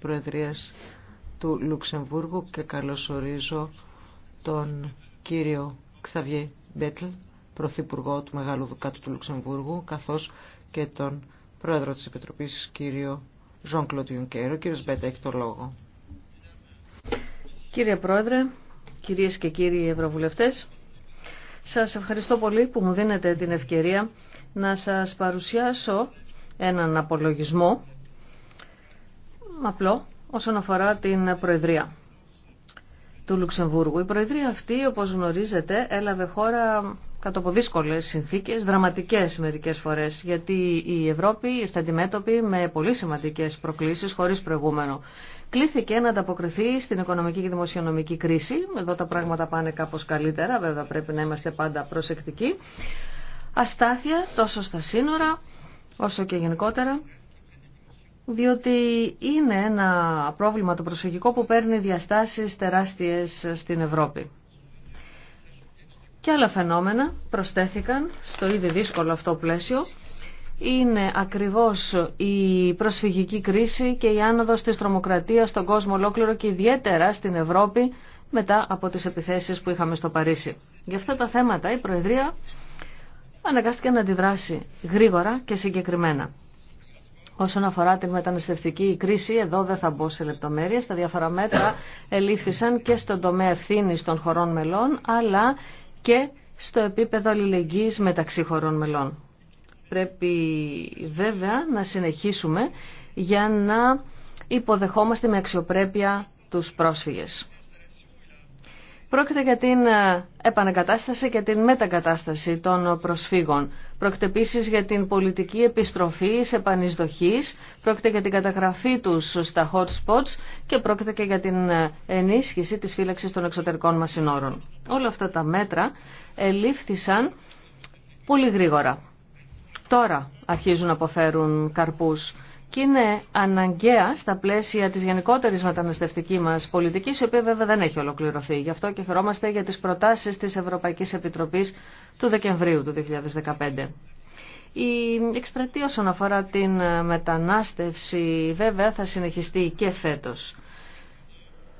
Προεδρίας του Λουξεμβούργου και καλωσορίζω τον κύριο Ξαβιέ Μπέτλ, Πρωθυπουργό του Μεγάλου Δουκάτου του Λουξεμβούργου, καθώς και τον Πρόεδρο της Επιτροπής, κύριο Ζων Κέρο. Κύριος Μπέτα, έχει το λόγο. Κύριε Πρόεδρε, κυρίες και κύριοι Ευρωβουλευτές, σας ευχαριστώ πολύ που μου δίνετε την ευκαιρία να σας παρουσιάσω έναν απολογισμό απλό όσον αφορά την Προεδρία του Λουξεμβούργου. Η Προεδρία αυτή, όπως γνωρίζετε, έλαβε χώρα κάτω από δύσκολε συνθήκε, δραματικέ μερικέ φορέ, γιατί η Ευρώπη ήρθε αντιμέτωπη με πολύ σημαντικέ προκλήσει χωρί προηγούμενο. Κλήθηκε να ανταποκριθεί στην οικονομική και δημοσιονομική κρίση. Εδώ τα πράγματα πάνε κάπω καλύτερα, βέβαια πρέπει να είμαστε πάντα προσεκτικοί. Αστάθεια τόσο στα σύνορα όσο και γενικότερα διότι είναι ένα πρόβλημα το προσφυγικό που παίρνει διαστάσεις τεράστιες στην Ευρώπη. Και άλλα φαινόμενα προσθέθηκαν στο ήδη δύσκολο αυτό πλαίσιο. Είναι ακριβώς η προσφυγική κρίση και η άνοδος της τρομοκρατίας στον κόσμο ολόκληρο και ιδιαίτερα στην Ευρώπη μετά από τις επιθέσεις που είχαμε στο Παρίσι. Γι' αυτά τα θέματα η Προεδρία αναγκάστηκε να αντιδράσει γρήγορα και συγκεκριμένα. Όσον αφορά την μεταναστευτική κρίση, εδώ δεν θα μπω σε λεπτομέρειες. Τα διάφορα μέτρα ελήφθησαν και στον τομέα ευθύνη των χωρών μελών, αλλά και στο επίπεδο αλληλεγγύης μεταξύ χωρών μελών. Πρέπει βέβαια να συνεχίσουμε για να υποδεχόμαστε με αξιοπρέπεια τους πρόσφυγες. Πρόκειται για την ε, επανακατάσταση και την μετακατάσταση των προσφύγων. Πρόκειται επίσης για την πολιτική επιστροφή επανεισδοχής, πρόκειται για την καταγραφή τους στα hot spots και πρόκειται και για την ε, ενίσχυση της φύλαξης των εξωτερικών μας συνόρων. Όλα αυτά τα μέτρα ελήφθησαν πολύ γρήγορα. Τώρα αρχίζουν να αποφέρουν καρπούς και είναι αναγκαία στα πλαίσια της γενικότερης μεταναστευτική μας πολιτικής, η οποία βέβαια δεν έχει ολοκληρωθεί. Γι' αυτό και χαιρόμαστε για τις προτάσεις της Ευρωπαϊκής Επιτροπής του Δεκεμβρίου του 2015. Η εκστρατεία όσον αφορά την μετανάστευση βέβαια θα συνεχιστεί και φέτος.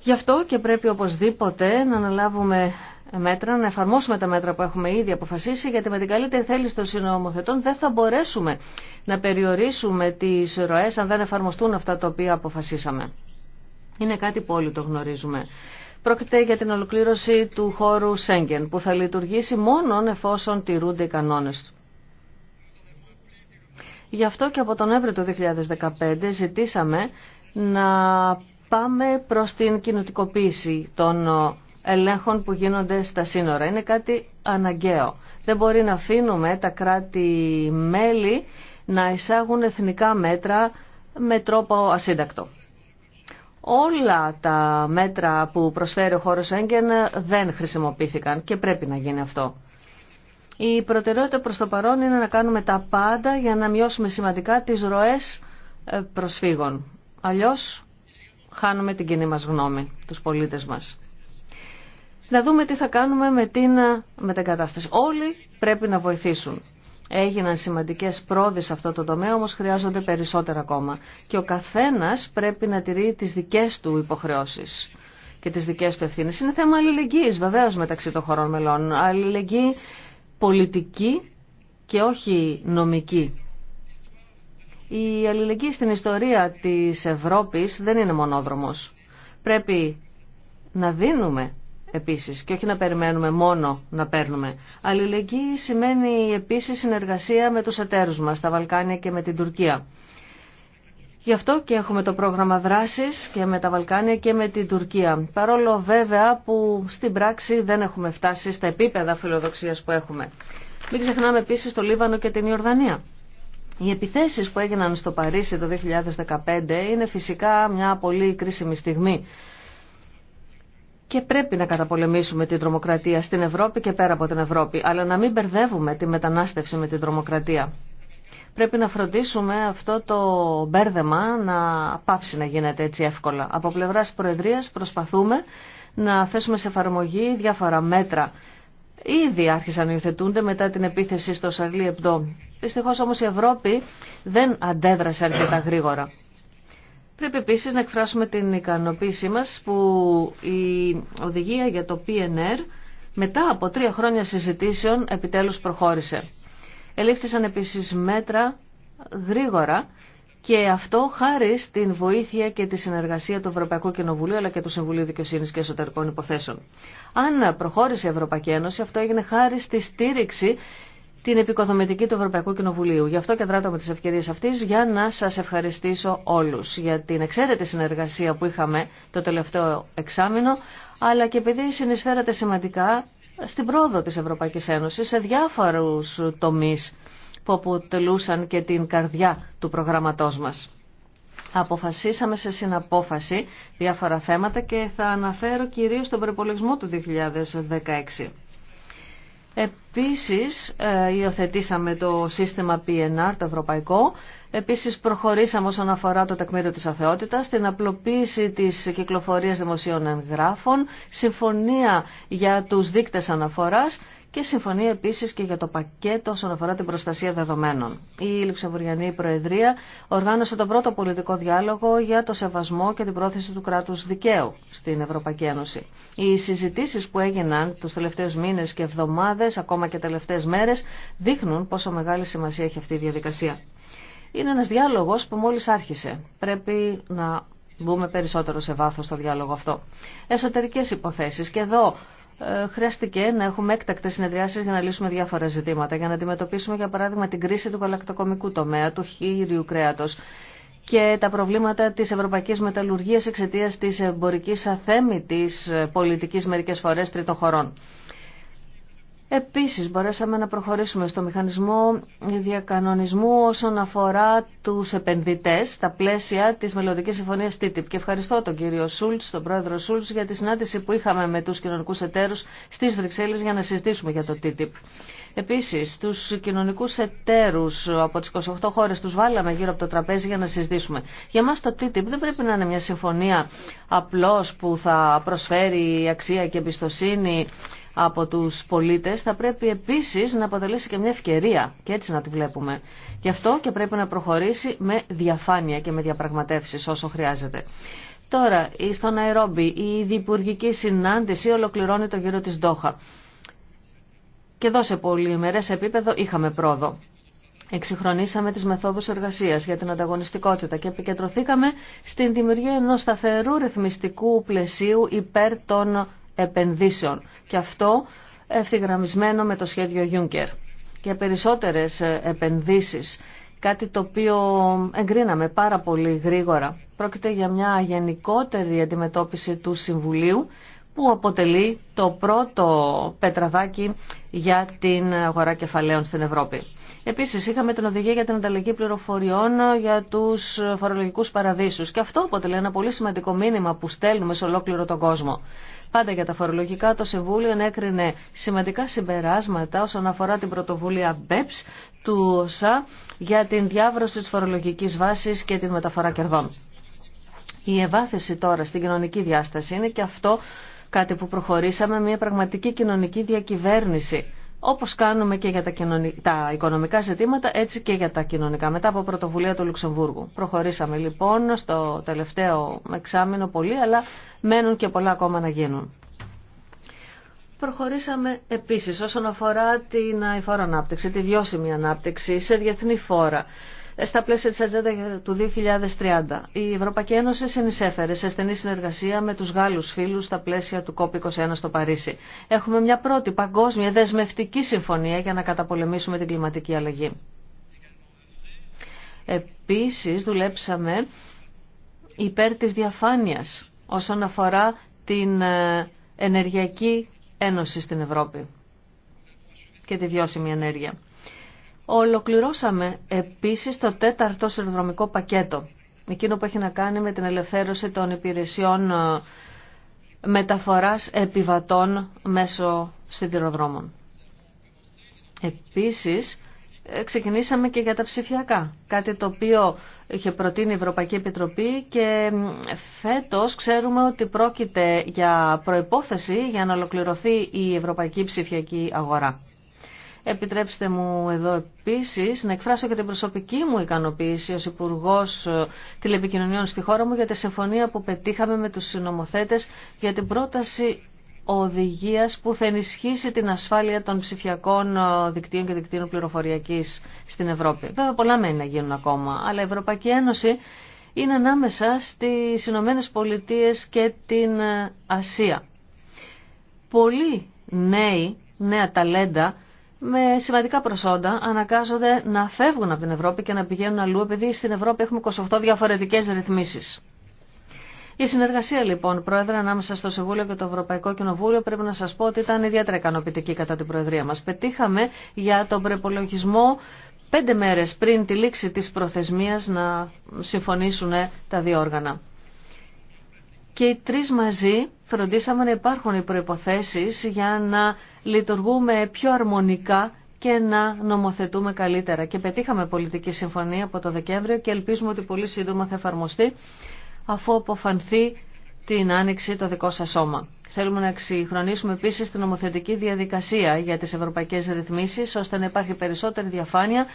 Γι' αυτό και πρέπει οπωσδήποτε να αναλάβουμε μέτρα, να εφαρμόσουμε τα μέτρα που έχουμε ήδη αποφασίσει, γιατί με την καλύτερη θέληση των συνομοθετών δεν θα μπορέσουμε να περιορίσουμε τις ροές αν δεν εφαρμοστούν αυτά τα οποία αποφασίσαμε. Είναι κάτι που όλοι το γνωρίζουμε. Πρόκειται για την ολοκλήρωση του χώρου Σέγγεν, που θα λειτουργήσει μόνον εφόσον τηρούνται οι κανόνες του. Γι' αυτό και από τον Εύρη του 2015 ζητήσαμε να πάμε προς την κοινοτικοποίηση των ε, ελέγχων που γίνονται στα σύνορα. Είναι κάτι αναγκαίο. Δεν μπορεί να αφήνουμε τα κράτη-μέλη να εισάγουν εθνικά μέτρα με τρόπο ασύντακτο. Όλα τα μέτρα που προσφέρει ο χώρος έγκεν δεν χρησιμοποιήθηκαν και πρέπει να γίνει αυτό. Η προτεραιότητα προς το παρόν είναι να κάνουμε τα πάντα για να μειώσουμε σημαντικά τις ροές ε, προσφύγων. Αλλιώς χάνουμε την κοινή μας γνώμη, τους πολίτες μας. Να δούμε τι θα κάνουμε με την ε, μετακατάσταση. Όλοι πρέπει να βοηθήσουν. Έγιναν σημαντικές πρόοδες σε αυτό το τομέα, όμως χρειάζονται περισσότερα ακόμα. Και ο καθένας πρέπει να τηρεί τις δικές του υποχρεώσεις και τις δικές του ευθύνες. Είναι θέμα αλληλεγγύης βεβαίως μεταξύ των χωρών μελών. Αλληλεγγύη πολιτική και όχι νομική. Η αλληλεγγύη στην ιστορία της Ευρώπης δεν είναι μονόδρομος. Πρέπει να δίνουμε επίσης και όχι να περιμένουμε μόνο να παίρνουμε. Αλληλεγγύη σημαίνει επίσης συνεργασία με τους εταίρους μας, τα Βαλκάνια και με την Τουρκία. Γι' αυτό και έχουμε το πρόγραμμα δράσης και με τα Βαλκάνια και με την Τουρκία. Παρόλο βέβαια που στην πράξη δεν έχουμε φτάσει στα επίπεδα φιλοδοξίας που έχουμε. Μην ξεχνάμε επίσης το Λίβανο και την Ιορδανία. Οι επιθέσεις που έγιναν στο Παρίσι το 2015 είναι φυσικά μια πολύ κρίσιμη στιγμή και πρέπει να καταπολεμήσουμε την τρομοκρατία στην Ευρώπη και πέρα από την Ευρώπη, αλλά να μην μπερδεύουμε τη μετανάστευση με την τρομοκρατία. Πρέπει να φροντίσουμε αυτό το μπέρδεμα να πάψει να γίνεται έτσι εύκολα. Από πλευράς Προεδρίας προσπαθούμε να θέσουμε σε εφαρμογή διάφορα μέτρα ήδη άρχισαν να υιοθετούνται μετά την επίθεση στο Σαρλί Επντό. Δυστυχώ όμως η Ευρώπη δεν αντέδρασε αρκετά γρήγορα. Πρέπει επίσης να εκφράσουμε την ικανοποίησή μας που η οδηγία για το PNR μετά από τρία χρόνια συζητήσεων επιτέλους προχώρησε. Ελήφθησαν επίσης μέτρα γρήγορα και αυτό χάρη στην βοήθεια και τη συνεργασία του Ευρωπαϊκού Κοινοβουλίου αλλά και του Συμβουλίου Δικαιοσύνη και Εσωτερικών Υποθέσεων. Αν προχώρησε η Ευρωπαϊκή Ένωση, αυτό έγινε χάρη στη στήριξη την επικοδομητική του Ευρωπαϊκού Κοινοβουλίου. Γι' αυτό και δράτω με τι ευκαιρίε αυτή για να σα ευχαριστήσω όλου για την εξαίρετη συνεργασία που είχαμε το τελευταίο εξάμεινο, αλλά και επειδή συνεισφέρατε σημαντικά στην πρόοδο τη Ευρωπαϊκή Ένωση σε διάφορου τομεί που αποτελούσαν και την καρδιά του προγραμματός μας. Αποφασίσαμε σε συναπόφαση διάφορα θέματα και θα αναφέρω κυρίως τον προπολογισμό του 2016. Επίσης ε, υιοθετήσαμε το σύστημα PNR, το ευρωπαϊκό. Επίσης προχωρήσαμε όσον αφορά το τεκμήριο της αθεότητας, την απλοποίηση της κυκλοφορίας δημοσίων εγγράφων, συμφωνία για τους δείκτες αναφοράς και συμφωνεί επίση και για το πακέτο όσον αφορά την προστασία δεδομένων. Η Λιξεβουριανή Προεδρία οργάνωσε τον πρώτο πολιτικό διάλογο για το σεβασμό και την πρόθεση του κράτου δικαίου στην Ευρωπαϊκή Ένωση. Οι συζητήσει που έγιναν του τελευταίου μήνε και εβδομάδε, ακόμα και τελευταίε μέρε, δείχνουν πόσο μεγάλη σημασία έχει αυτή η διαδικασία. Είναι ένα διάλογο που μόλι άρχισε. Πρέπει να μπούμε περισσότερο σε βάθος στο διάλογο αυτό. Εσωτερικές υποθέσεις και εδώ χρειάστηκε να έχουμε έκτακτες συνεδριάσεις για να λύσουμε διάφορα ζητήματα, για να αντιμετωπίσουμε για παράδειγμα την κρίση του γαλακτοκομικού τομέα, του χείριου κρέατος και τα προβλήματα της ευρωπαϊκής μεταλλουργίας εξαιτίας της εμπορικής αθέμητης πολιτικής μερικές φορές τρίτων χωρών. Επίσης μπορέσαμε να προχωρήσουμε στο μηχανισμό διακανονισμού όσον αφορά τους επενδυτές στα πλαίσια της μελλοντικής συμφωνίας TTIP. Και ευχαριστώ τον κύριο Σούλτς, τον πρόεδρο Σούλτς για τη συνάντηση που είχαμε με τους κοινωνικούς εταίρους στις Βρυξέλλες για να συζητήσουμε για το TTIP. Επίσης, τους κοινωνικούς εταίρους από τις 28 χώρες τους βάλαμε γύρω από το τραπέζι για να συζητήσουμε. Για μας το TTIP δεν πρέπει να είναι μια συμφωνία απλώς που θα προσφέρει αξία και εμπιστοσύνη από τους πολίτες θα πρέπει επίσης να αποτελέσει και μια ευκαιρία και έτσι να τη βλέπουμε. Γι' αυτό και πρέπει να προχωρήσει με διαφάνεια και με διαπραγματεύσεις όσο χρειάζεται. Τώρα, στο Ναϊρόμπι η διπουργική συνάντηση ολοκληρώνει το γύρο της Ντόχα. Και εδώ σε πολυμερές επίπεδο είχαμε πρόοδο. Εξυγχρονίσαμε τις μεθόδους εργασίας για την ανταγωνιστικότητα και επικεντρωθήκαμε στην δημιουργία ενός σταθερού ρυθμιστικού πλαισίου υπέρ των επενδύσεων. Και αυτό ευθυγραμμισμένο με το σχέδιο Juncker. Για περισσότερες ε, επενδύσεις, κάτι το οποίο εγκρίναμε πάρα πολύ γρήγορα. Πρόκειται για μια γενικότερη αντιμετώπιση του Συμβουλίου που αποτελεί το πρώτο πετραδάκι για την αγορά κεφαλαίων στην Ευρώπη. Επίσης είχαμε την οδηγία για την ανταλλαγή πληροφοριών για τους φορολογικούς παραδείσους και αυτό αποτελεί ένα πολύ σημαντικό μήνυμα που στέλνουμε σε ολόκληρο τον κόσμο. Πάντα για τα φορολογικά το Συμβούλιο ενέκρινε σημαντικά συμπεράσματα όσον αφορά την πρωτοβουλία BEPS του ΩΣΑ για την διάβρωση της φορολογικής βάσης και την μεταφορά κερδών. Η ευάθεση τώρα στην κοινωνική διάσταση είναι και αυτό κάτι που προχωρήσαμε, μια πραγματική κοινωνική διακυβέρνηση όπως κάνουμε και για τα, τα οικονομικά ζητήματα, έτσι και για τα κοινωνικά. Μετά από πρωτοβουλία του Λουξεμβούργου. Προχωρήσαμε λοιπόν στο τελευταίο εξάμεινο πολύ, αλλά μένουν και πολλά ακόμα να γίνουν. Προχωρήσαμε επίσης όσον αφορά την αηφόρα ανάπτυξη, τη βιώσιμη ανάπτυξη σε διεθνή φόρα στα πλαίσια της ατζέντα του 2030. Η Ευρωπαϊκή Ένωση συνεισέφερε σε στενή συνεργασία με τους Γάλλους φίλους στα πλαίσια του COP21 στο Παρίσι. Έχουμε μια πρώτη παγκόσμια δεσμευτική συμφωνία για να καταπολεμήσουμε την κλιματική αλλαγή. Επίσης δουλέψαμε υπέρ της διαφάνειας όσον αφορά την ε, ενεργειακή ένωση στην Ευρώπη και τη βιώσιμη ενέργεια. Ολοκληρώσαμε επίσης το τέταρτο σιδηροδρομικό πακέτο, εκείνο που έχει να κάνει με την ελευθέρωση των υπηρεσιών ε, μεταφοράς επιβατών μέσω σιδηροδρόμων. Επίσης, ε, ξεκινήσαμε και για τα ψηφιακά, κάτι το οποίο είχε προτείνει η Ευρωπαϊκή Επιτροπή και φέτος ξέρουμε ότι πρόκειται για προϋπόθεση για να ολοκληρωθεί η Ευρωπαϊκή Ψηφιακή Αγορά. Επιτρέψτε μου εδώ επίσης να εκφράσω και την προσωπική μου ικανοποίηση ως υπουργό ε, Τηλεπικοινωνιών στη χώρα μου για τη συμφωνία που πετύχαμε με τους συνομοθέτες για την πρόταση οδηγίας που θα ενισχύσει την ασφάλεια των ψηφιακών ε, δικτύων και δικτύων πληροφοριακής στην Ευρώπη. Βέβαια πολλά μένει να γίνουν ακόμα, αλλά η Ευρωπαϊκή Ένωση είναι ανάμεσα στις Ηνωμένε Πολιτείε και την ε, Ασία. Πολλοί νέοι, νέα ταλέντα, με σημαντικά προσόντα ανακάζονται να φεύγουν από την Ευρώπη και να πηγαίνουν αλλού επειδή στην Ευρώπη έχουμε 28 διαφορετικές ρυθμίσεις. Η συνεργασία λοιπόν, Πρόεδρε, ανάμεσα στο Συμβούλιο και το Ευρωπαϊκό Κοινοβούλιο, πρέπει να σα πω ότι ήταν ιδιαίτερα ικανοποιητική κατά την Προεδρία μα. Πετύχαμε για τον προπολογισμό πέντε μέρε πριν τη λήξη τη προθεσμία να συμφωνήσουν τα δύο όργανα και οι τρεις μαζί φροντίσαμε να υπάρχουν οι προϋποθέσεις για να λειτουργούμε πιο αρμονικά και να νομοθετούμε καλύτερα. Και πετύχαμε πολιτική συμφωνία από το Δεκέμβριο και ελπίζουμε ότι πολύ σύντομα θα εφαρμοστεί αφού αποφανθεί την άνοιξη το δικό σας σώμα. Θέλουμε να εξυγχρονίσουμε επίσης την νομοθετική διαδικασία για τις ευρωπαϊκές ρυθμίσεις ώστε να υπάρχει περισσότερη διαφάνεια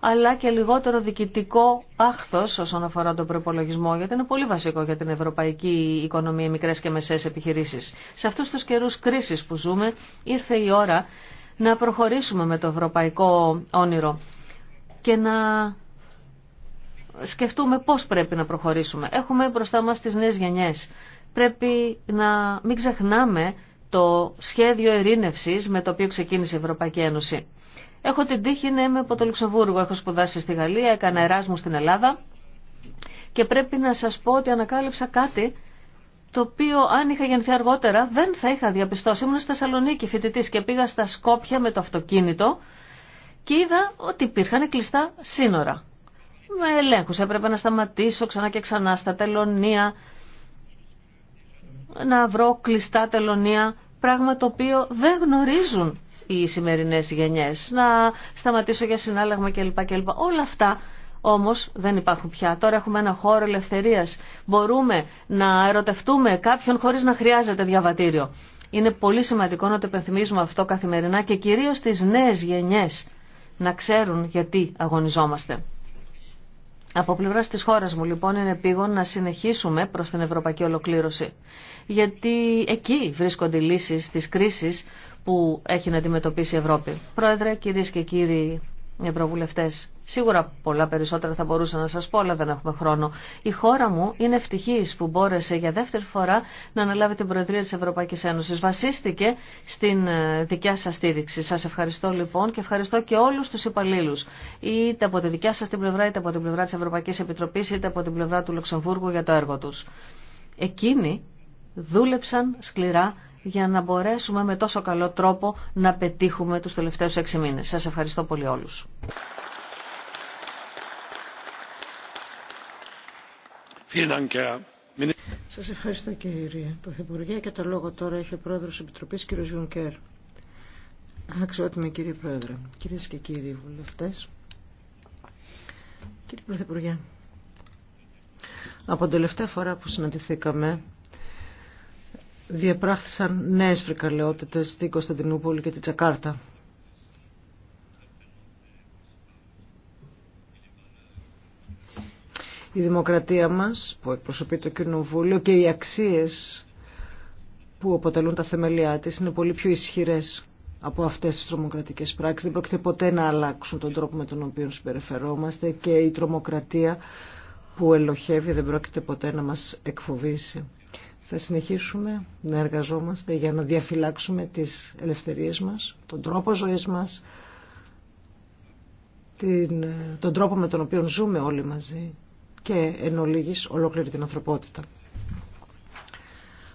αλλά και λιγότερο διοικητικό άχθο όσον αφορά τον προπολογισμό, γιατί είναι πολύ βασικό για την ευρωπαϊκή οικονομία, μικρέ και μεσαίες επιχειρήσεις. Σε αυτού του καιρού κρίσης που ζούμε, ήρθε η ώρα να προχωρήσουμε με το ευρωπαϊκό όνειρο και να σκεφτούμε πώς πρέπει να προχωρήσουμε. Έχουμε μπροστά μας τις νέες γενιές. Πρέπει να μην ξεχνάμε το σχέδιο ερήνευσης με το οποίο ξεκίνησε η Ευρωπαϊκή Ένωση. Έχω την τύχη να είμαι από το Λουξεμβούργο. Έχω σπουδάσει στη Γαλλία, έκανα εράσμου στην Ελλάδα. Και πρέπει να σα πω ότι ανακάλυψα κάτι το οποίο αν είχα γεννηθεί αργότερα δεν θα είχα διαπιστώσει. Ήμουν στη Θεσσαλονίκη φοιτητή και πήγα στα Σκόπια με το αυτοκίνητο και είδα ότι υπήρχαν κλειστά σύνορα. Με ελέγχου έπρεπε να σταματήσω ξανά και ξανά στα τελωνία, να βρω κλειστά τελωνία, πράγμα το οποίο δεν γνωρίζουν οι σημερινές γενιές, να σταματήσω για συνάλλαγμα κλπ. κλπ. Όλα αυτά όμως δεν υπάρχουν πια. Τώρα έχουμε ένα χώρο ελευθερίας. Μπορούμε να ερωτευτούμε κάποιον χωρίς να χρειάζεται διαβατήριο. Είναι πολύ σημαντικό να το υπενθυμίζουμε αυτό καθημερινά και κυρίως τις νέες γενιές να ξέρουν γιατί αγωνιζόμαστε. Από πλευρά τη χώρα μου, λοιπόν, είναι πήγον να συνεχίσουμε προ την ευρωπαϊκή ολοκλήρωση. Γιατί εκεί βρίσκονται οι λύσει τη κρίση που έχει να αντιμετωπίσει η Ευρώπη. Πρόεδρε, κυρίε και κύριοι ευρωβουλευτέ, σίγουρα πολλά περισσότερα θα μπορούσα να σα πω, αλλά δεν έχουμε χρόνο. Η χώρα μου είναι ευτυχή που μπόρεσε για δεύτερη φορά να αναλάβει την Προεδρία τη Ευρωπαϊκή Ένωση. Βασίστηκε στην ε, δικιά σα στήριξη. Σα ευχαριστώ λοιπόν και ευχαριστώ και όλου του υπαλλήλου, είτε από τη δικιά σα την πλευρά, είτε από την πλευρά τη Ευρωπαϊκή Επιτροπή, είτε από την πλευρά του Λουξεμβούργου για το έργο του. Εκείνοι δούλεψαν σκληρά για να μπορέσουμε με τόσο καλό τρόπο να πετύχουμε τους τελευταίους έξι μήνες. Σας ευχαριστώ πολύ όλους. Σας ευχαριστώ κύριε Πρωθυπουργέ και το λόγο τώρα έχει ο Πρόεδρος Επιτροπής κύριος Γιονκέρ. Αξιότιμη κύριε Πρόεδρε, κυρίες και κύριοι βουλευτές, κύριε Πρωθυπουργέ, από την τελευταία φορά που συναντηθήκαμε διαπράχθησαν νέες φρικαλαιότητες στην Κωνσταντινούπολη και την Τσακάρτα. Η δημοκρατία μας που εκπροσωπεί το Κοινοβούλιο και οι αξίες που αποτελούν τα θεμελιά της είναι πολύ πιο ισχυρές από αυτές τις τρομοκρατικές πράξεις. Δεν πρόκειται ποτέ να αλλάξουν τον τρόπο με τον οποίο συμπεριφερόμαστε και η τρομοκρατία που ελοχεύει δεν πρόκειται ποτέ να μας εκφοβήσει θα συνεχίσουμε να εργαζόμαστε για να διαφυλάξουμε τις ελευθερίες μας, τον τρόπο ζωής μας, την, τον τρόπο με τον οποίο ζούμε όλοι μαζί και εν ολίγης ολόκληρη την ανθρωπότητα.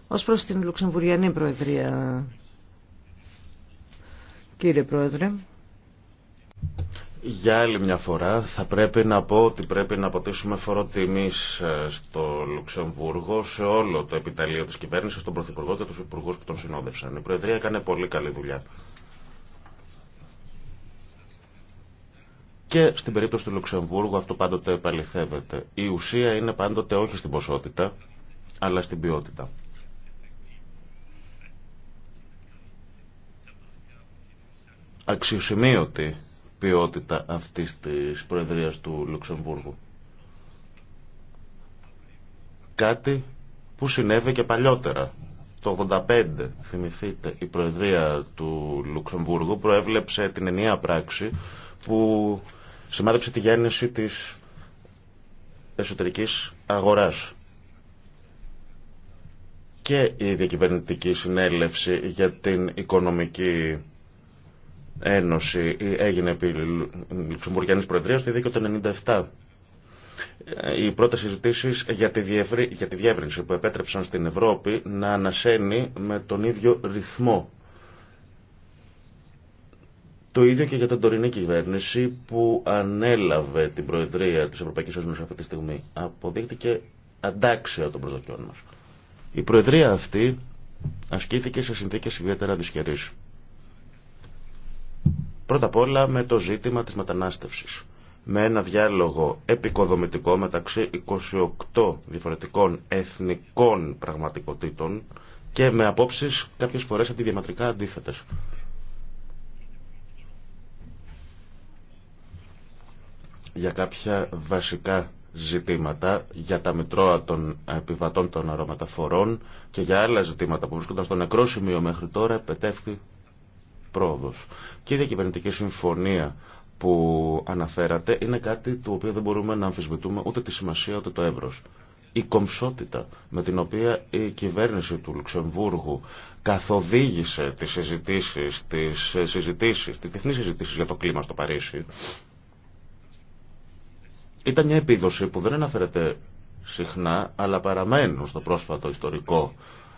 Ως προς την Λουξεμβουριανή Προεδρία, κύριε Πρόεδρε, για άλλη μια φορά θα πρέπει να πω ότι πρέπει να αποτίσουμε φορό ε, στο Λουξεμβούργο σε όλο το επιταλείο της κυβέρνησης, τον Πρωθυπουργό και τους υπουργούς που τον συνόδευσαν. Η Προεδρία έκανε πολύ καλή δουλειά. Και στην περίπτωση του Λουξεμβούργου αυτό πάντοτε επαληθεύεται. Η ουσία είναι πάντοτε όχι στην ποσότητα, αλλά στην ποιότητα. Αξιοσημείωτη ποιότητα αυτής της Προεδρίας του Λουξεμβούργου. Κάτι που συνέβη και παλιότερα. Το 1985, θυμηθείτε, η Προεδρία του Λουξεμβούργου προέβλεψε την ενιαία πράξη που σημάδεψε τη γέννηση της εσωτερικής αγοράς και η διακυβερνητική συνέλευση για την οικονομική Ένωση έγινε επί Λουξεμβουργιανής Προεδρίας στη δίκαιο το 1997. Οι πρώτες συζητήσει για, για τη διεύρυνση που επέτρεψαν στην Ευρώπη να ανασένει με τον ίδιο ρυθμό το ίδιο και για την τωρινή κυβέρνηση που ανέλαβε την Προεδρία της Ευρωπαϊκής Ένωσης αυτή τη στιγμή. Αποδείχτηκε αντάξια των προσδοκιών μας. Η Προεδρία αυτή ασκήθηκε σε συνθήκες ιδιαίτερα δυσκερής. Πρώτα απ' όλα με το ζήτημα της μετανάστευσης. Με ένα διάλογο επικοδομητικό μεταξύ 28 διαφορετικών εθνικών πραγματικότητων και με απόψεις κάποιες φορές αντιδιαματρικά αντίθετες. Για κάποια βασικά ζητήματα για τα μητρώα των επιβατών των αερομεταφορών και για άλλα ζητήματα που βρίσκονταν στο νεκρό σημείο μέχρι τώρα επετεύχθη και η διακυβερνητική συμφωνία που αναφέρατε είναι κάτι το οποίο δεν μπορούμε να αμφισβητούμε ούτε τη σημασία ούτε το εύρος. Η κομψότητα με την οποία η κυβέρνηση του Λουξεμβούργου καθοδήγησε τις συζητήσει, τις συζητήσεις, τις τεχνείς συζητήσεις για το κλίμα στο Παρίσι ήταν μια επίδοση που δεν αναφέρεται συχνά αλλά παραμένουν στο πρόσφατο ιστορικό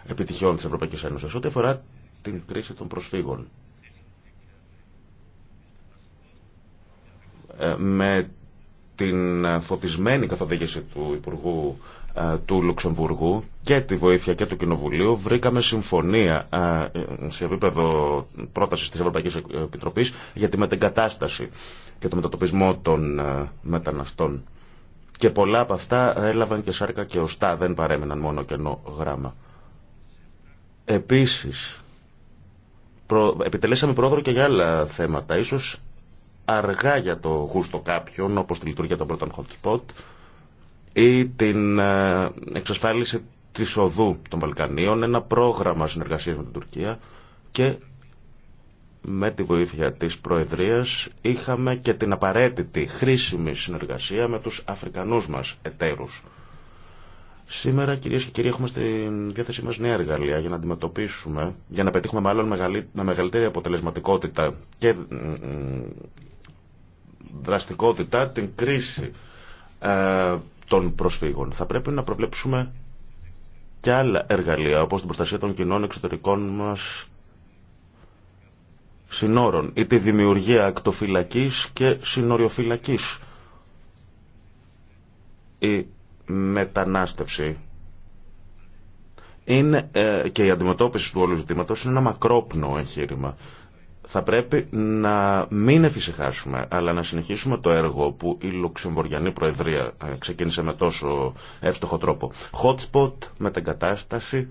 επιτυχιών της Ευρωπαϊκής Ένωσης ό,τι αφορά την κρίση των προσφύγων. Ε, με την φωτισμένη καθοδήγηση του Υπουργού ε, του Λουξεμβουργού και τη βοήθεια και του Κοινοβουλίου βρήκαμε συμφωνία ε, σε επίπεδο πρόταση της Ευρωπαϊκής Επιτροπής για τη μετεγκατάσταση και το μετατοπισμό των μεταναστών. Και πολλά από αυτά έλαβαν και σάρκα και οστά, δεν παρέμειναν μόνο κενό γράμμα. Επίσης, επιτελέσαμε πρόεδρο και για άλλα θέματα. Ίσως αργά για το γούστο κάποιον, όπως τη λειτουργία των πρώτων hot spot, ή την ε, εξασφάλιση της οδού των Βαλκανίων, ένα πρόγραμμα συνεργασίας με την Τουρκία και με τη βοήθεια της Προεδρίας είχαμε και την απαραίτητη χρήσιμη συνεργασία με τους Αφρικανούς μας εταίρους. Σήμερα, κυρίες και κύριοι, έχουμε στη διάθεσή μας νέα εργαλεία για να αντιμετωπίσουμε, για να πετύχουμε μάλλον μεγαλύτερη αποτελεσματικότητα και δραστικότητα την κρίση ε, των προσφύγων. Θα πρέπει να προβλέψουμε και άλλα εργαλεία, όπως την προστασία των κοινών εξωτερικών μας συνόρων ή τη δημιουργία ακτοφυλακής και συνοριοφυλακής. Η μετανάστευση είναι, ε, και η αντιμετώπιση του όλου ζητήματος είναι ένα μακρόπνο εγχείρημα. Θα πρέπει να μην εφησυχάσουμε, αλλά να συνεχίσουμε το έργο που η Λουξεμβουργιανή Προεδρία ε, ξεκίνησε με τόσο εύστοχο τρόπο. Hotspot, κατάσταση,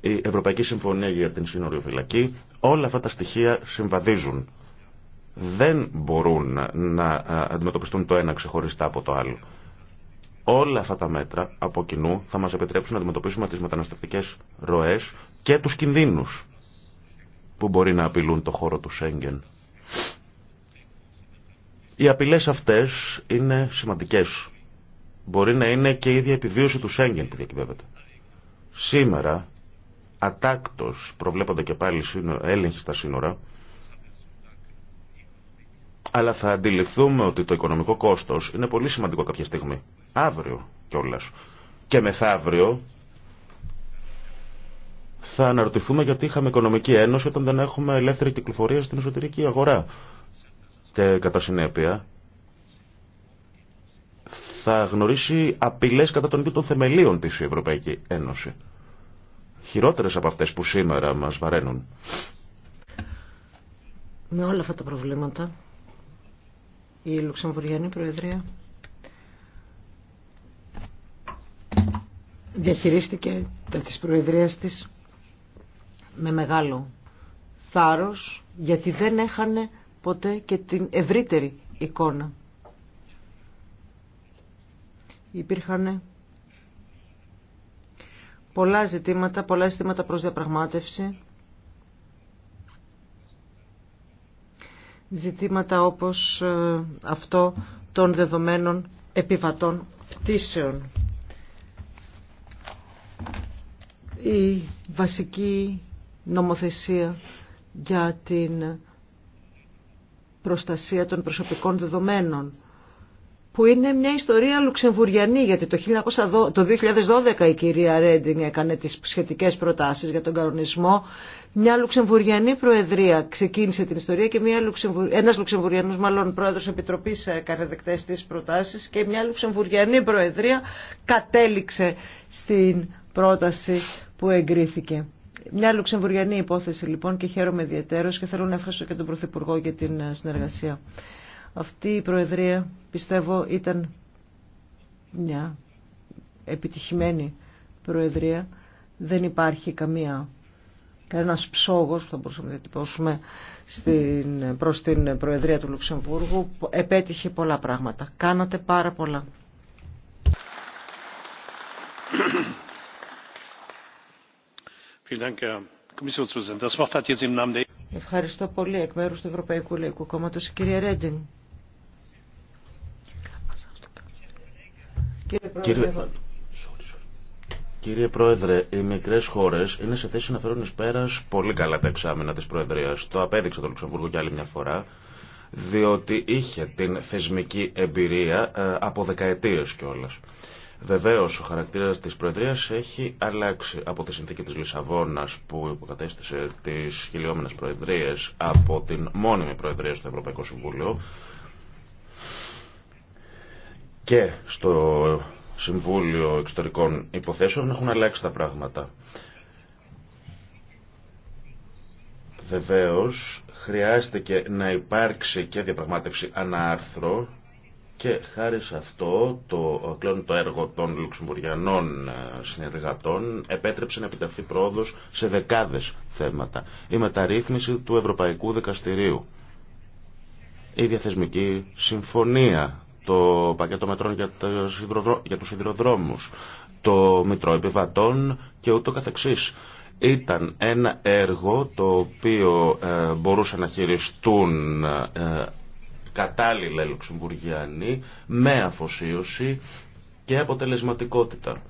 η Ευρωπαϊκή Συμφωνία για την Σύνοριο Φυλακή, όλα αυτά τα στοιχεία συμβαδίζουν. Δεν μπορούν να ε, αντιμετωπιστούν το ένα ξεχωριστά από το άλλο. Όλα αυτά τα μέτρα από κοινού θα μας επιτρέψουν να αντιμετωπίσουμε τις μεταναστευτικές ροές και τους κινδύνους που μπορεί να απειλούν το χώρο του Σέγγεν. Οι απειλές αυτές είναι σημαντικές. Μπορεί να είναι και η ίδια επιβίωση του Σέγγεν που διακυβεύεται. Σήμερα, ατάκτος, προβλέπονται και πάλι έλεγχοι στα σύνορα, αλλά θα αντιληφθούμε ότι το οικονομικό κόστος είναι πολύ σημαντικό κάποια στιγμή. Αύριο κιόλα. Και μεθαύριο θα αναρωτηθούμε γιατί είχαμε οικονομική ένωση όταν δεν έχουμε ελεύθερη κυκλοφορία στην εσωτερική αγορά. Και κατά συνέπεια θα γνωρίσει απειλές κατά των ίδιων των θεμελίων της Ευρωπαϊκή Ένωση. Χειρότερες από αυτές που σήμερα μας βαραίνουν. Με όλα αυτά τα προβλήματα η Λουξεμβουργιανή Προεδρία διαχειρίστηκε τα της Προεδρίας της με μεγάλο θάρρος γιατί δεν έχανε ποτέ και την ευρύτερη εικόνα. Υπήρχαν πολλά ζητήματα, πολλά ζητήματα προς διαπραγμάτευση. Ζητήματα όπως ε, αυτό των δεδομένων επιβατών πτήσεων. Η βασική νομοθεσία για την προστασία των προσωπικών δεδομένων που είναι μια ιστορία λουξεμβουριανή γιατί το 2012 η κυρία Ρέντινγκ έκανε τις σχετικές προτάσεις για τον κανονισμό μια λουξεμβουριανή προεδρία ξεκίνησε την ιστορία και μια Λουξεμβουρ... ένας λουξεμβουριανός μάλλον πρόεδρος επιτροπής έκανε δεκτές τις προτάσεις και μια λουξεμβουριανή προεδρία κατέληξε στην πρόταση που εγκρίθηκε. Μια λουξεμβουριανή υπόθεση λοιπόν και χαίρομαι ιδιαίτερω και θέλω να ευχαριστώ και τον Πρωθυπουργό για την ε, συνεργασία. Αυτή η Προεδρία πιστεύω ήταν μια επιτυχημένη Προεδρία. Δεν υπάρχει καμία κανένας ψόγος που θα μπορούσαμε να διατυπώσουμε στην, προς την Προεδρία του Λουξεμβούργου επέτυχε πολλά πράγματα. Κάνατε πάρα πολλά. Ευχαριστώ πολύ εκ μέρους του Ευρωπαϊκού Λαϊκού Κόμματος, η κυρία Ρέντινγκ. Κύριε... Πρόεδρε, οι μικρέ χώρε είναι σε θέση να φέρουν ει πέρα πολύ καλά τα εξάμενα τη Προεδρία. Το απέδειξε το Λουξεμβούργο και άλλη μια φορά, διότι είχε την θεσμική εμπειρία ε, από δεκαετίε κιόλα. Βεβαίω, ο χαρακτήρα τη Προεδρία έχει αλλάξει από τη συνθήκη τη Λισαβόνα που υποκατέστησε τι χιλιόμενε Προεδρίε από την μόνιμη Προεδρία στο Ευρωπαϊκό Συμβούλιο και στο Συμβούλιο Εξωτερικών Υποθέσεων έχουν αλλάξει τα πράγματα. Βεβαίω, χρειάστηκε να υπάρξει και διαπραγμάτευση ανάρθρο και χάρη σε αυτό το πλέον ε, το έργο των λουξεμβουριανών ε, συνεργατών επέτρεψε να επιτευχθεί πρόοδος σε δεκάδες θέματα. Η μεταρρύθμιση του Ευρωπαϊκού Δικαστηρίου, η διαθεσμική συμφωνία, το πακέτο μετρών για, για τους σιδηροδρόμους, το Μητρό Επιβατών και ούτω καθεξής. Ήταν ένα έργο το οποίο ε, μπορούσε να χειριστούν κατάλληλα λουξεμβουργιανοί με αφοσίωση και αποτελεσματικότητα.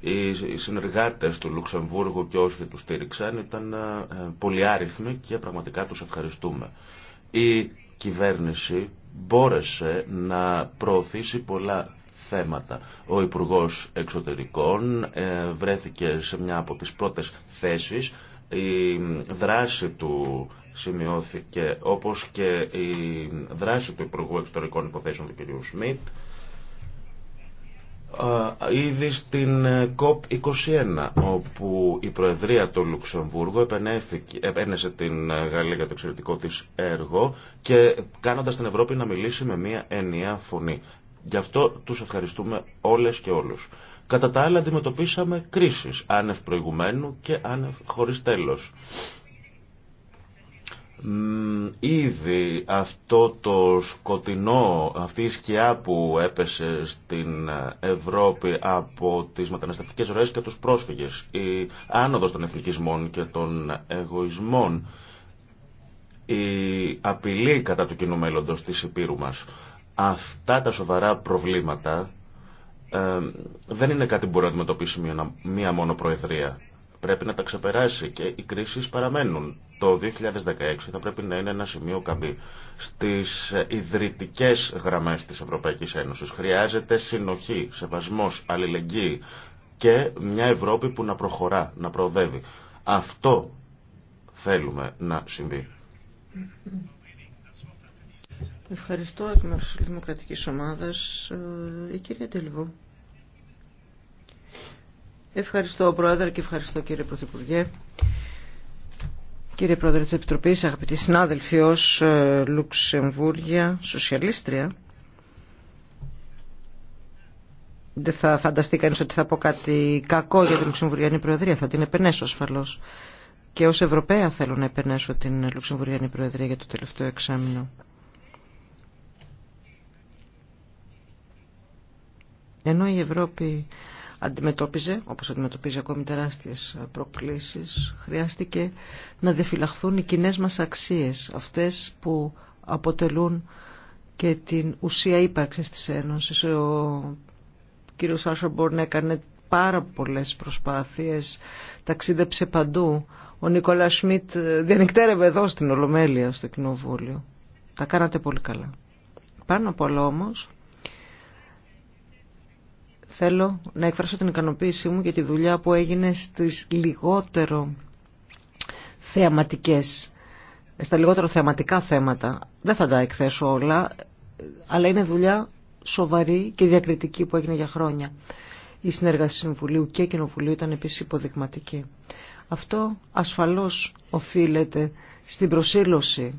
Οι συνεργάτες του Λουξεμβούργου και όσοι του στήριξαν ήταν ε, πολυάριθμοι και πραγματικά τους ευχαριστούμε. Η κυβέρνηση μπόρεσε να προωθήσει πολλά θέματα. Ο Υπουργός Εξωτερικών ε, βρέθηκε σε μια από τις πρώτες θέσεις η ε, δράση του σημειώθηκε, όπως και η δράση του Υπουργού Εξωτερικών Υποθέσεων του κ. Σμιτ, ήδη στην COP21 ε, όπου η Προεδρία του Λουξεμβούργου επένεσε την ε, Γαλλία για το εξαιρετικό της έργο και κάνοντας την Ευρώπη να μιλήσει με μια ενιαία φωνή. Γι' αυτό τους ευχαριστούμε όλες και όλους. Κατά τα άλλα αντιμετωπίσαμε κρίσεις άνευ προηγουμένου και άνευ χωρίς τέλος. Ήδη αυτό το σκοτεινό, αυτή η σκιά που έπεσε στην Ευρώπη από τις μεταναστευτικές ροές και τους πρόσφυγες, η άνοδος των εθνικισμών και των εγωισμών, η απειλή κατά του κοινού μέλλοντος της Υπήρου μας, αυτά τα σοβαρά προβλήματα ε, δεν είναι κάτι που μπορεί να αντιμετωπίσει μία μόνο προεδρία. Πρέπει να τα ξεπεράσει και οι κρίσεις παραμένουν. Το 2016 θα πρέπει να είναι ένα σημείο καμπή στις ιδρυτικές γραμμές της Ευρωπαϊκής Ένωσης. Χρειάζεται συνοχή, σεβασμός, αλληλεγγύη και μια Ευρώπη που να προχωρά, να προοδεύει. Αυτό θέλουμε να συμβεί. Ευχαριστώ εκ μέρους της Δημοκρατικής Ομάδας, ε, η κυρία Τελβού. Ευχαριστώ Πρόεδρε και ευχαριστώ κύριε Πρωθυπουργέ. Κύριε Πρόεδρε της Επιτροπής, αγαπητοί συνάδελφοι ως ε, Λουξεμβούργια, σοσιαλίστρια, δεν θα φανταστεί κανείς ότι θα πω κάτι κακό για την Λουξεμβουριανή Προεδρία, θα την επενέσω ασφαλώς. Και ως Ευρωπαία θέλω να επενέσω την Λουξεμβουριανή Προεδρία για το τελευταίο εξάμεινο. Ενώ η Ευρώπη αντιμετώπιζε, όπως αντιμετωπίζει ακόμη τεράστιες προκλήσεις, χρειάστηκε να διαφυλαχθούν οι κοινέ μας αξίες, αυτές που αποτελούν και την ουσία ύπαρξης της Ένωσης. Ο κύριος Άσομπορν έκανε πάρα πολλές προσπάθειες, ταξίδεψε παντού. Ο Νικόλα Σμιτ διανυκτέρευε εδώ στην Ολομέλεια, στο Κοινοβούλιο. Τα κάνατε πολύ καλά. Πάνω από όλα όμως, θέλω να εκφράσω την ικανοποίησή μου για τη δουλειά που έγινε στις λιγότερο θεαματικές, στα λιγότερο θεαματικά θέματα. Δεν θα τα εκθέσω όλα, αλλά είναι δουλειά σοβαρή και διακριτική που έγινε για χρόνια. Η συνεργασία Συμβουλίου και Κοινοβουλίου ήταν επίσης υποδειγματική. Αυτό ασφαλώς οφείλεται στην προσήλωση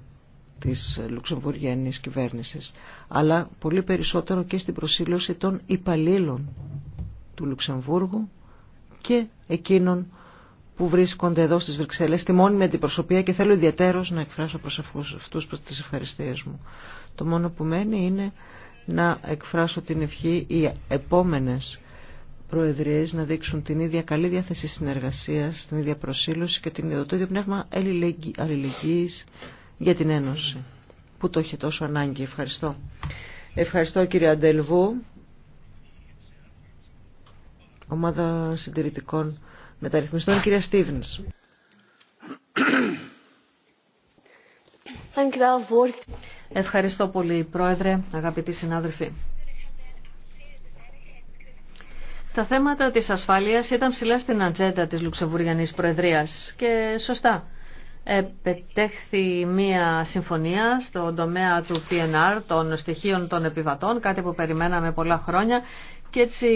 της Λουξεμβουργιανής κυβέρνησης, αλλά πολύ περισσότερο και στην προσήλωση των υπαλλήλων του Λουξεμβούργου και εκείνων που βρίσκονται εδώ στις Βρυξέλλες, τη μόνιμη αντιπροσωπεία και θέλω ιδιαίτερως να εκφράσω προς αυτούς προς τις ευχαριστίες μου. Το μόνο που μένει είναι να εκφράσω την ευχή οι επόμενες προεδρίες να δείξουν την ίδια καλή διάθεση συνεργασίας, την ίδια προσήλωση και την, το ίδιο πνεύμα αλληλεγγύης για την Ένωση που το έχει τόσο ανάγκη. Ευχαριστώ. Ευχαριστώ κύριε Αντελβού, ομάδα συντηρητικών μεταρρυθμιστών, κυρία Στίβενς. Ευχαριστώ πολύ, Πρόεδρε, αγαπητοί συνάδελφοι. Τα θέματα της ασφάλειας ήταν ψηλά στην ατζέντα της Λουξεβουργιανής Προεδρίας και σωστά επετέχθη μία συμφωνία στον τομέα του PNR, των στοιχείων των επιβατών, κάτι που περιμέναμε πολλά χρόνια και έτσι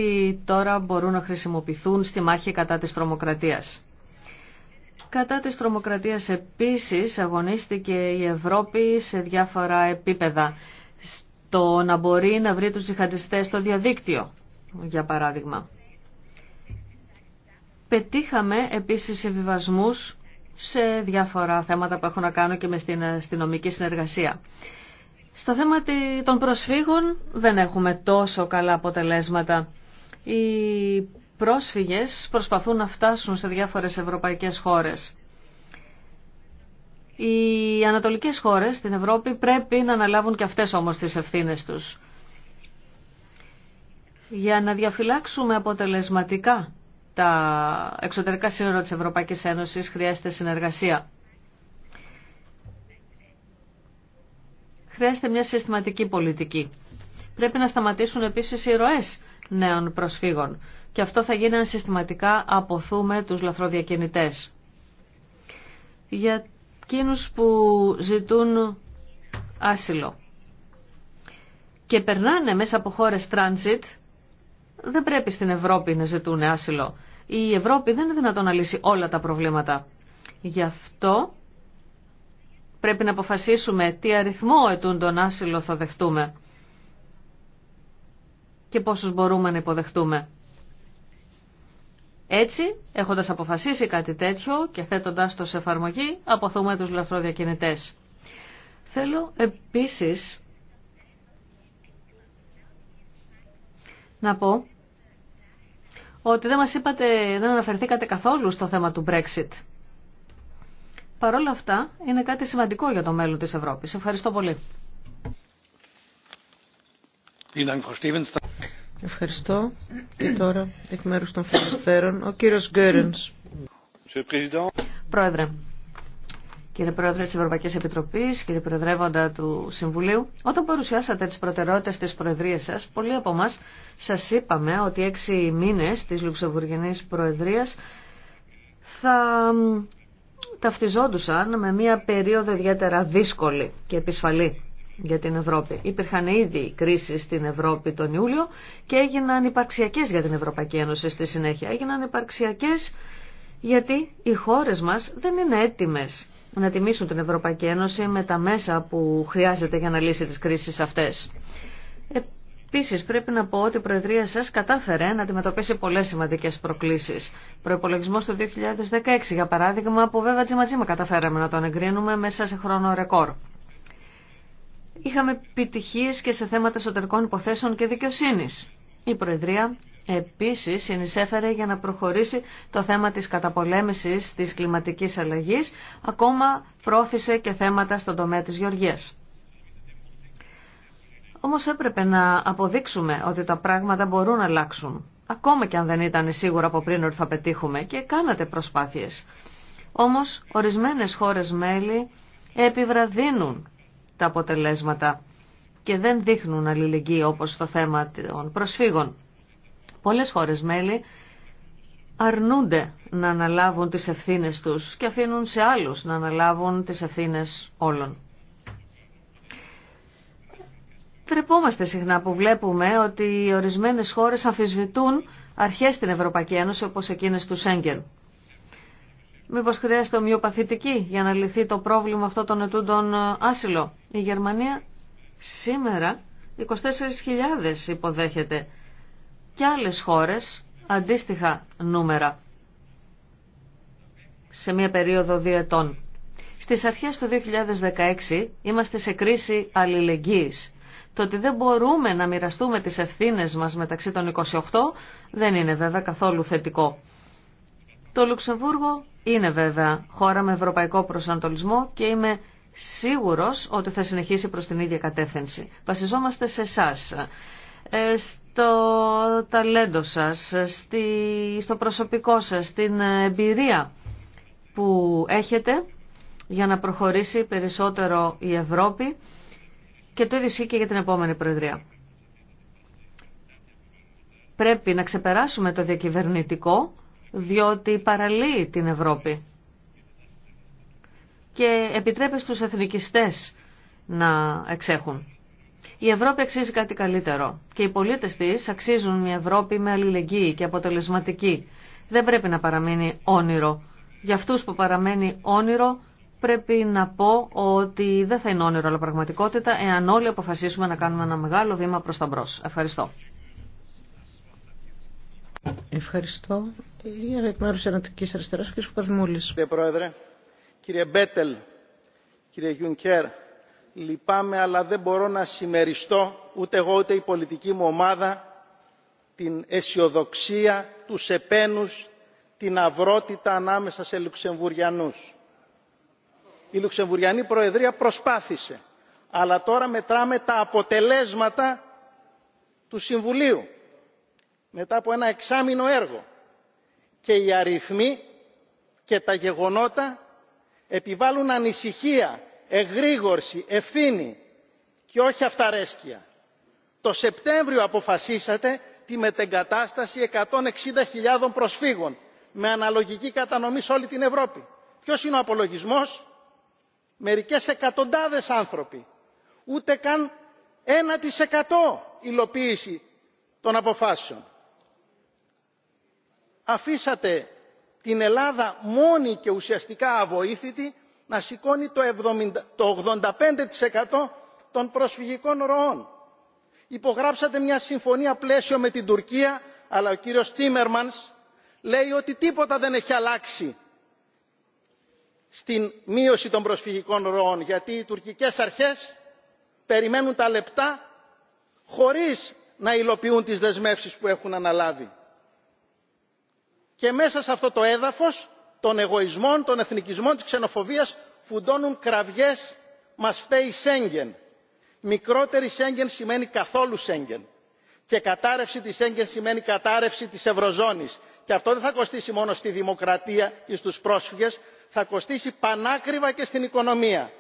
τώρα μπορούν να χρησιμοποιηθούν στη μάχη κατά της τρομοκρατίας. Κατά της τρομοκρατίας επίσης αγωνίστηκε η Ευρώπη σε διάφορα επίπεδα. Στο να μπορεί να βρει τους τζιχαντιστές στο διαδίκτυο, για παράδειγμα. Πετύχαμε επίσης συμβιβασμούς σε διάφορα θέματα που έχουν να κάνουν και με στην αστυνομική συνεργασία. Στο θέμα των προσφύγων δεν έχουμε τόσο καλά αποτελέσματα. Οι πρόσφυγες προσπαθούν να φτάσουν σε διάφορες ευρωπαϊκές χώρες. Οι ανατολικές χώρες στην Ευρώπη πρέπει να αναλάβουν και αυτές όμως τις ευθύνες τους. Για να διαφυλάξουμε αποτελεσματικά τα εξωτερικά σύνορα της Ευρωπαϊκής Ένωσης χρειάζεται συνεργασία. Χρειάζεται μια συστηματική πολιτική. Πρέπει να σταματήσουν επίσης οι ροές νέων προσφύγων και αυτό θα γίνει αν συστηματικά αποθούμε τους λαθροδιακινητές. Για εκείνους που ζητούν άσυλο και περνάνε μέσα από χώρες transit δεν πρέπει στην Ευρώπη να ζητούν άσυλο. Η Ευρώπη δεν είναι δυνατόν να λύσει όλα τα προβλήματα. Γι' αυτό πρέπει να αποφασίσουμε τι αριθμό ετούν τον άσυλο θα δεχτούμε και πόσους μπορούμε να υποδεχτούμε. Έτσι, έχοντας αποφασίσει κάτι τέτοιο και θέτοντας το σε εφαρμογή, αποθούμε τους λαθροδιακινητές. Θέλω επίσης να πω ότι δεν μας είπατε, δεν αναφερθήκατε καθόλου στο θέμα του Brexit. Παρ' όλα αυτά είναι κάτι σημαντικό για το μέλλον της Ευρώπης. Ευχαριστώ πολύ. Ευχαριστώ. Και τώρα, εκ μέρους των φιλοθερών ο κύριος Γκέρενς. Πρόεδρε, κύριε Πρόεδρε τη Ευρωπαϊκή Επιτροπή, κύριε Προεδρεύοντα του Συμβουλίου, όταν παρουσιάσατε τι προτεραιότητε τη Προεδρία σα, πολλοί από εμά σα είπαμε ότι έξι μήνε τη Λουξεμβουργενής προεδρία θα ταυτιζόντουσαν με μια περίοδο ιδιαίτερα δύσκολη και επισφαλή για την Ευρώπη. Υπήρχαν ήδη κρίσεις στην Ευρώπη τον Ιούλιο και έγιναν υπαρξιακές για την Ευρωπαϊκή Ένωση στη συνέχεια. Έγιναν υπαρξιακές γιατί οι χώρες μας δεν είναι έτοιμες να τιμήσουν την Ευρωπαϊκή Ένωση με τα μέσα που χρειάζεται για να λύσει τις κρίσεις αυτές. Επίση, πρέπει να πω ότι η Προεδρία σα κατάφερε να αντιμετωπίσει πολλέ σημαντικέ προκλήσει. Προπολογισμό του 2016, για παράδειγμα, που βέβαια τζιματζίμα καταφέραμε να τον εγκρίνουμε μέσα σε χρόνο ρεκόρ. Είχαμε επιτυχίε και σε θέματα εσωτερικών υποθέσεων και δικαιοσύνη. Η Προεδρία Επίσης, συνεισέφερε για να προχωρήσει το θέμα της καταπολέμησης της κλιματικής αλλαγής, ακόμα πρόθυσε και θέματα στον τομέα της γεωργίας. Όμως έπρεπε να αποδείξουμε ότι τα πράγματα μπορούν να αλλάξουν, ακόμα και αν δεν ήταν σίγουρα από πριν ότι θα πετύχουμε και κάνατε προσπάθειες. Όμως, ορισμένες χώρες μέλη επιβραδύνουν τα αποτελέσματα και δεν δείχνουν αλληλεγγύη όπως το θέμα των προσφύγων. Πολλές χώρες μέλη αρνούνται να αναλάβουν τις ευθύνες τους και αφήνουν σε άλλους να αναλάβουν τις ευθύνες όλων. Τρεπόμαστε συχνά που βλέπουμε ότι οι ορισμένες χώρες αμφισβητούν αρχές στην Ευρωπαϊκή Ένωση όπως εκείνες του Σέγγεν. Μήπως χρειάζεται ομοιοπαθητική για να λυθεί το πρόβλημα αυτό των ετούντων άσυλο. Η Γερμανία σήμερα 24.000 υποδέχεται και άλλες χώρες αντίστοιχα νούμερα σε μία περίοδο δύο ετών. Στις αρχές του 2016 είμαστε σε κρίση αλληλεγγύης. Το ότι δεν μπορούμε να μοιραστούμε τις ευθύνες μας μεταξύ των 28 δεν είναι βέβαια καθόλου θετικό. Το Λουξεμβούργο είναι βέβαια χώρα με ευρωπαϊκό προσανατολισμό και είμαι σίγουρος ότι θα συνεχίσει προς την ίδια κατεύθυνση. Βασιζόμαστε σε εσά ε, στο ταλέντο σας, στη, στο προσωπικό σας, στην εμπειρία που έχετε για να προχωρήσει περισσότερο η Ευρώπη και το ίδιο και για την επόμενη Προεδρία. Πρέπει να ξεπεράσουμε το διακυβερνητικό, διότι παραλύει την Ευρώπη και επιτρέπει στους εθνικιστές να εξέχουν. Η Ευρώπη αξίζει κάτι καλύτερο και οι πολίτες της αξίζουν μια Ευρώπη με αλληλεγγύη και αποτελεσματική. Δεν πρέπει να παραμείνει όνειρο. Για αυτούς που παραμένει όνειρο πρέπει να πω ότι δεν θα είναι όνειρο αλλά πραγματικότητα εάν όλοι αποφασίσουμε να κάνουμε ένα μεγάλο βήμα προς τα μπρος. Ευχαριστώ. Ευχαριστώ. Κυρία ο κ. Κύριε Πρόεδρε, κύριε Μπέτελ, κύριε Γιουνκέρ, λυπάμαι αλλά δεν μπορώ να συμμεριστώ ούτε εγώ ούτε η πολιτική μου ομάδα την αισιοδοξία, του επένους, την αυρότητα ανάμεσα σε Λουξεμβουριανούς. Η Λουξεμβουριανή Προεδρία προσπάθησε, αλλά τώρα μετράμε τα αποτελέσματα του Συμβουλίου μετά από ένα εξάμεινο έργο και οι αριθμοί και τα γεγονότα επιβάλλουν ανησυχία εγρήγορση ευθύνη και όχι αυταρέσκεια. το σεπτέμβριο αποφασίσατε τη μετεγκατάσταση 160.000 προσφύγων με αναλογική κατανομή σε όλη την ευρώπη. ποιος είναι ο απολογισμός; μερικές εκατοντάδες άνθρωποι ούτε καν 1% υλοποίηση των αποφάσεων. αφήσατε την ελλάδα μόνη και ουσιαστικά αβοήθητη να σηκώνει το, 85% των προσφυγικών ροών. Υπογράψατε μια συμφωνία πλαίσιο με την Τουρκία, αλλά ο κύριος Τίμερμανς λέει ότι τίποτα δεν έχει αλλάξει στην μείωση των προσφυγικών ροών, γιατί οι τουρκικές αρχές περιμένουν τα λεπτά χωρίς να υλοποιούν τις δεσμεύσεις που έχουν αναλάβει. Και μέσα σε αυτό το έδαφος των εγωισμών των εθνικισμών της ξενοφοβίας φουντώνουν κραυγές μας φταίει σέγγεν μικρότερη σέγγεν σημαίνει καθόλου σέγγεν και κατάρρευση της σέγγεν σημαίνει κατάρρευση της ευρωζώνης και αυτό δεν θα κοστίσει μόνο στη δημοκρατία ή στους πρόσφυγες θα κοστίσει πανάκριβα και στην οικονομία.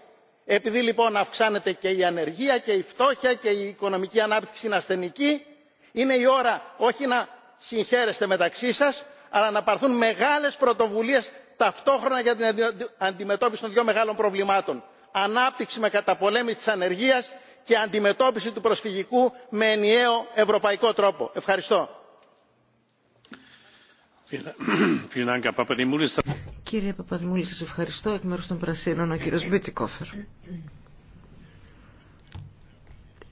επειδή λοιπόν αυξάνεται και η ανεργία και η φτώχεια και η οικονομική ανάπτυξη είναι ασθενική είναι η ώρα όχι να συγχαίρεστε μεταξύ σας αλλά να πάρθουν μεγάλες πρωτοβουλίες ταυτόχρονα για την αντιμετώπιση των δύο μεγάλων προβλημάτων ανάπτυξη με καταπολέμηση της ανεργίας και αντιμετώπιση του προσφυγικού με ενιαίο ευρωπαϊκό τρόπο. ευχαριστώ. Κύριε Παπαδημούλη, σας ευχαριστώ. Εκ μέρους των Πρασίνων, ο κύριος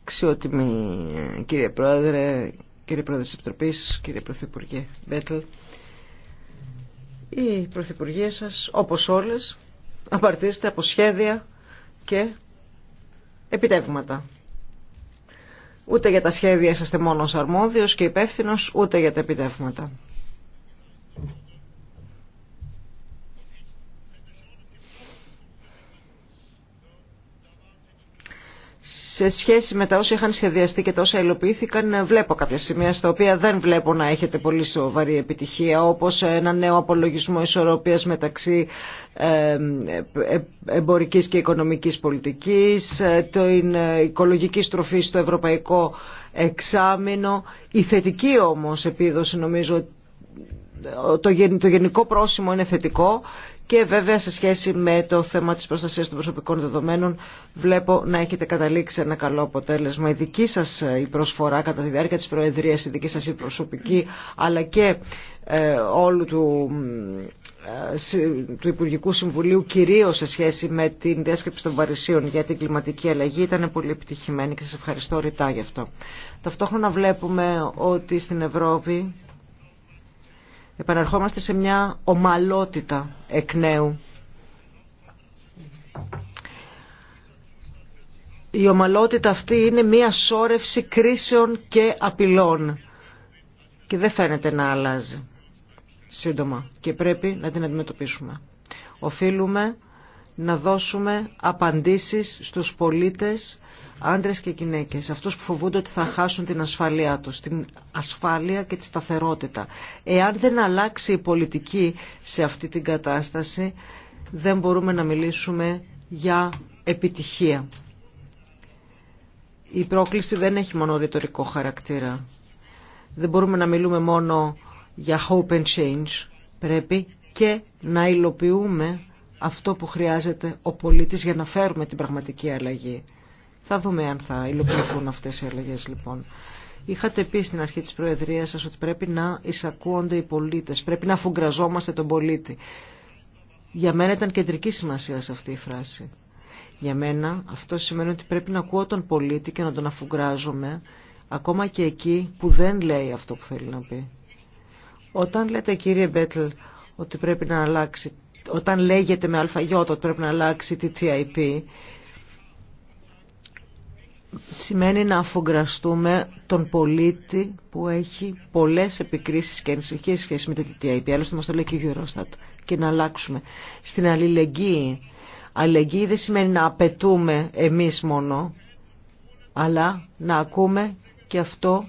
Αξιότιμη ε, κύριε Πρόεδρε, κύριε Πρόεδρε της Επιτροπής, κύριε Πρωθυπουργέ Μπέτλ οι πρωθυπουργοί σας, όπως όλες, απαρτίζεται από σχέδια και επιτεύγματα. Ούτε για τα σχέδια είσαστε μόνος αρμόδιος και υπεύθυνος, ούτε για τα επιτεύγματα. σε σχέση με τα όσα είχαν σχεδιαστεί και τα όσα υλοποιήθηκαν, ε, βλέπω κάποια σημεία στα οποία δεν βλέπω να έχετε πολύ σοβαρή επιτυχία, όπως ένα νέο απολογισμό ισορροπίας μεταξύ ε, ε, εμπορικής και οικονομικής πολιτικής, την οικολογική στροφή στο ευρωπαϊκό εξάμεινο. Η θετική όμως επίδοση νομίζω το, γενικό πρόσημο είναι θετικό και βέβαια σε σχέση με το θέμα της προστασίας των προσωπικών δεδομένων βλέπω να έχετε καταλήξει ένα καλό αποτέλεσμα. Η δική σας ε, η προσφορά κατά τη διάρκεια της Προεδρίας, η δική σας η προσωπική αλλά και ε, όλου του, ε, του Υπουργικού Συμβουλίου κυρίως σε σχέση με την διάσκεψη των Παρισίων για την κλιματική αλλαγή ήταν πολύ επιτυχημένη και σας ευχαριστώ ρητά γι' αυτό. Ταυτόχρονα βλέπουμε ότι στην Ευρώπη επαναρχόμαστε σε μια ομαλότητα εκ νέου. Η ομαλότητα αυτή είναι μια σόρευση κρίσεων και απειλών και δεν φαίνεται να αλλάζει σύντομα και πρέπει να την αντιμετωπίσουμε. Οφείλουμε να δώσουμε απαντήσεις στους πολίτες, άντρες και γυναίκες, αυτούς που φοβούνται ότι θα χάσουν την ασφαλεία τους, την ασφάλεια και τη σταθερότητα. Εάν δεν αλλάξει η πολιτική σε αυτή την κατάσταση, δεν μπορούμε να μιλήσουμε για επιτυχία. Η πρόκληση δεν έχει μόνο ρητορικό χαρακτήρα. Δεν μπορούμε να μιλούμε μόνο για hope and change. Πρέπει και να υλοποιούμε αυτό που χρειάζεται ο πολίτης για να φέρουμε την πραγματική αλλαγή. Θα δούμε αν θα υλοποιηθούν αυτές οι αλλαγές λοιπόν. Είχατε πει στην αρχή της Προεδρίας σας ότι πρέπει να εισακούονται οι πολίτες, πρέπει να αφουγκραζόμαστε τον πολίτη. Για μένα ήταν κεντρική σημασία σε αυτή η φράση. Για μένα αυτό σημαίνει ότι πρέπει να ακούω τον πολίτη και να τον αφουγκράζομαι, ακόμα και εκεί που δεν λέει αυτό που θέλει να πει. Όταν λέτε κύριε Μπέτλ ότι πρέπει να αλλάξει όταν λέγεται με αλφαγιώτο ότι πρέπει να αλλάξει τη TIP, σημαίνει να αφογκραστούμε τον πολίτη που έχει πολλές επικρίσεις και ενσυχίες σχέση με το TTIP. Άλλωστε μας το λέει και η Eurostat και να αλλάξουμε. Στην αλληλεγγύη. Αλληλεγγύη δεν σημαίνει να απαιτούμε εμείς μόνο, αλλά να ακούμε και αυτό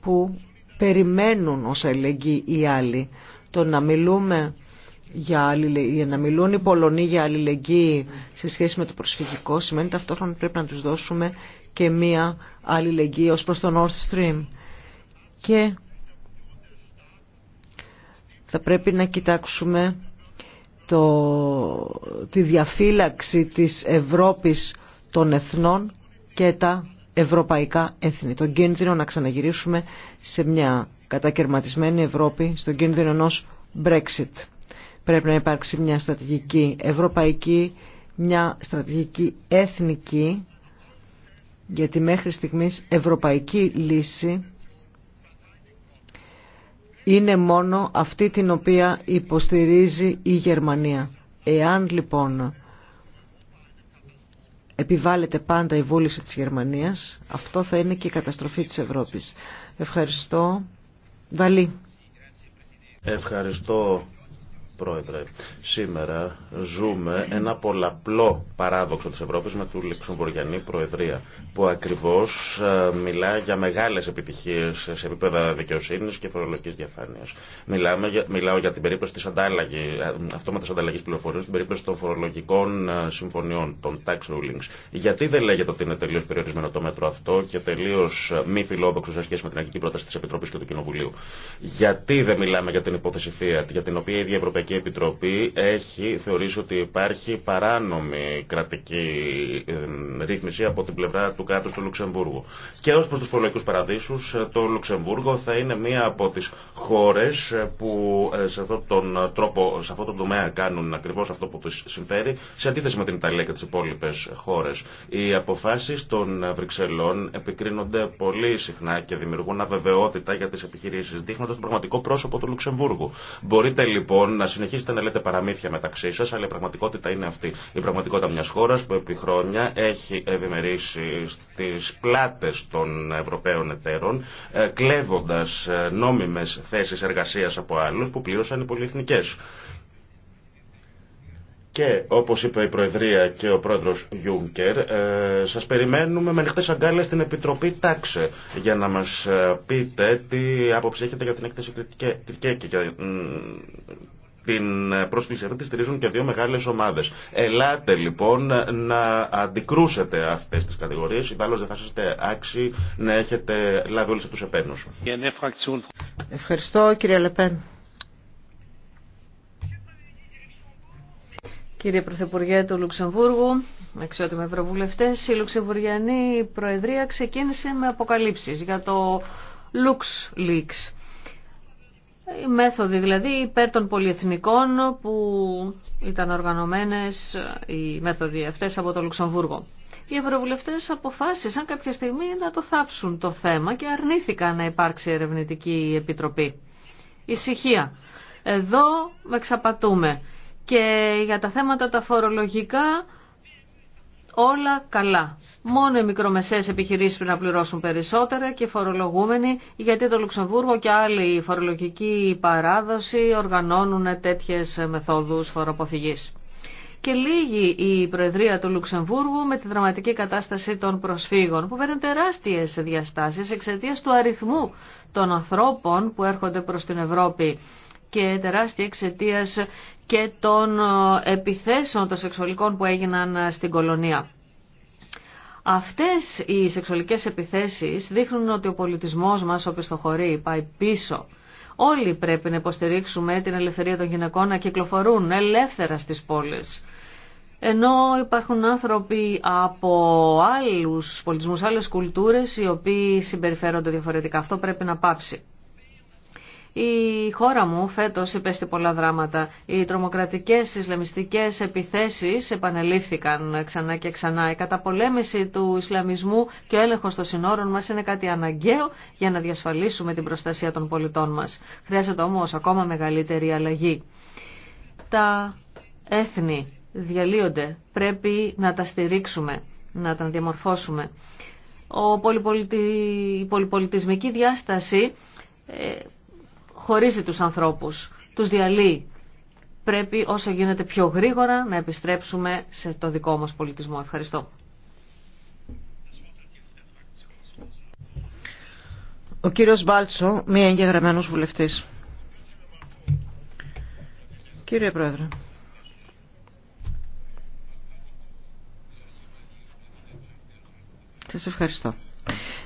που περιμένουν ως αλληλεγγύη οι άλλοι. Το να μιλούμε για να μιλούν οι Πολωνοί για αλληλεγγύη σε σχέση με το προσφυγικό σημαίνει ταυτόχρονα πρέπει να τους δώσουμε και μία αλληλεγγύη ως προς το North Stream. Και θα πρέπει να κοιτάξουμε τη διαφύλαξη της Ευρώπης των εθνών και τα ευρωπαϊκά έθνη. Τον κίνδυνο να ξαναγυρίσουμε σε μια κατακαιρματισμένη Ευρώπη, στον κίνδυνο ενός Brexit. Πρέπει να υπάρξει μια στρατηγική ευρωπαϊκή, μια στρατηγική εθνική, γιατί μέχρι στιγμής ευρωπαϊκή λύση είναι μόνο αυτή την οποία υποστηρίζει η Γερμανία. Εάν λοιπόν επιβάλλεται πάντα η βούληση της Γερμανίας, αυτό θα είναι και η καταστροφή της Ευρώπης. Ευχαριστώ. Βαλή. Ευχαριστώ Πρόεδρε, σήμερα ζούμε ένα πολλαπλό παράδοξο της Ευρώπης με του Λεξομποριανή Προεδρία που ακριβώς ε, μιλά για μεγάλες επιτυχίες σε επίπεδα δικαιοσύνης και φορολογικής διαφάνειας. Μιλάμε, μιλάω για την περίπτωση της αντάλλαγη, ε, ανταλλαγής πληροφοριών, την περίπτωση των φορολογικών ε, συμφωνιών, των tax rulings. Γιατί δεν λέγεται ότι είναι τελείως περιορισμένο το μέτρο αυτό και τελείως μη φιλόδοξο σε σχέση με την αρχική πρόταση της Επιτροπής και του Κοινοβουλίου. Γιατί δεν μιλάμε για την υπόθεση για την οποία η Ευρωπαϊκή Ευρωπαϊκή Επιτροπή έχει θεωρήσει ότι υπάρχει παράνομη κρατική ε, ρύθμιση από την πλευρά του κράτου του Λουξεμβούργου. Και ω προ του φορολογικού παραδείσου, ε, το Λουξεμβούργο θα είναι μία από τι χώρε ε, που σε αυτόν τον τρόπο, σε αυτόν τον τομέα κάνουν ακριβώ αυτό που του συμφέρει, σε αντίθεση με την Ιταλία και τι υπόλοιπε χώρε. Οι αποφάσει των Βρυξελών επικρίνονται πολύ συχνά και δημιουργούν αβεβαιότητα για τι επιχειρήσει, δείχνοντα τον πραγματικό πρόσωπο του Λουξεμβούργου. Μπορείτε λοιπόν να συνεχίσετε να λέτε παραμύθια μεταξύ σα, αλλά η πραγματικότητα είναι αυτή. Η πραγματικότητα μια χώρα που επί χρόνια έχει ευημερήσει στι πλάτε των Ευρωπαίων εταίρων, ε, κλέβοντα ε, νόμιμε θέσει εργασία από άλλου που πλήρωσαν οι πολυεθνικέ. Και όπως είπε η Προεδρία και ο Πρόεδρος Γιούνκερ, ε, σας περιμένουμε με ανοιχτές αγκάλες στην Επιτροπή Τάξε για να μας ε, πείτε τι άποψη έχετε για την έκθεση Κριτικέ και την πρόσκληση αυτή τη στηρίζουν και δύο μεγάλε ομάδε. Ελάτε λοιπόν να αντικρούσετε αυτέ τι κατηγορίε, ιδάλω δεν θα είστε άξιοι να έχετε λάβει όλου αυτού του επένου. Ευχαριστώ κύριε Λεπέν. Κύριε Πρωθυπουργέ του Λουξεμβούργου, αξιότιμοι Ευρωβουλευτέ, η Λουξεμβουργιανή Προεδρία ξεκίνησε με αποκαλύψει για το LuxLeaks. Η μέθοδοι δηλαδή υπέρ των πολυεθνικών που ήταν οργανωμένες οι μέθοδοι αυτές από το Λουξεμβούργο. Οι ευρωβουλευτές αποφάσισαν κάποια στιγμή να το θάψουν το θέμα και αρνήθηκαν να υπάρξει ερευνητική επιτροπή. Ησυχία. Εδώ με ξαπατούμε. Και για τα θέματα τα φορολογικά όλα καλά. Μόνο οι μικρομεσαίες επιχειρήσεις πρέπει να πληρώσουν περισσότερα και φορολογούμενοι, γιατί το Λουξεμβούργο και άλλοι φορολογικοί παράδοση οργανώνουν τέτοιες μεθόδους φοροποφυγής. Και λίγη η Προεδρία του Λουξεμβούργου με τη δραματική κατάσταση των προσφύγων, που παίρνει τεράστιες διαστάσεις εξαιτίας του αριθμού των ανθρώπων που έρχονται προς την Ευρώπη και τεράστια εξαιτία και των ε, επιθέσεων των σεξουαλικών που έγιναν ε, στην κολονία. Αυτές οι σεξουαλικές επιθέσεις δείχνουν ότι ο πολιτισμός μας οπισθοχωρεί, πάει πίσω. Όλοι πρέπει να υποστηρίξουμε την ελευθερία των γυναικών να κυκλοφορούν ελεύθερα στις πόλεις. Ενώ υπάρχουν άνθρωποι από άλλους πολιτισμούς, άλλες κουλτούρες, οι οποίοι συμπεριφέρονται διαφορετικά. Αυτό πρέπει να πάψει. Η χώρα μου φέτος υπέστη πολλά δράματα. Οι τρομοκρατικές ισλαμιστικές επιθέσεις επανελήφθηκαν ξανά και ξανά. Η καταπολέμηση του Ισλαμισμού και ο έλεγχος των συνόρων μας είναι κάτι αναγκαίο για να διασφαλίσουμε την προστασία των πολιτών μας. Χρειάζεται όμως ακόμα μεγαλύτερη αλλαγή. Τα έθνη διαλύονται. Πρέπει να τα στηρίξουμε, να τα διαμορφώσουμε. Ο Η πολυπολιτισμική διάσταση ε, χωρίζει τους ανθρώπους, τους διαλύει. Πρέπει όσο γίνεται πιο γρήγορα να επιστρέψουμε σε το δικό μας πολιτισμό. Ευχαριστώ. Ο κύριος Μπάλτσο, μία εγγεγραμμένος βουλευτής. Κύριε Πρόεδρε. Σας ευχαριστώ.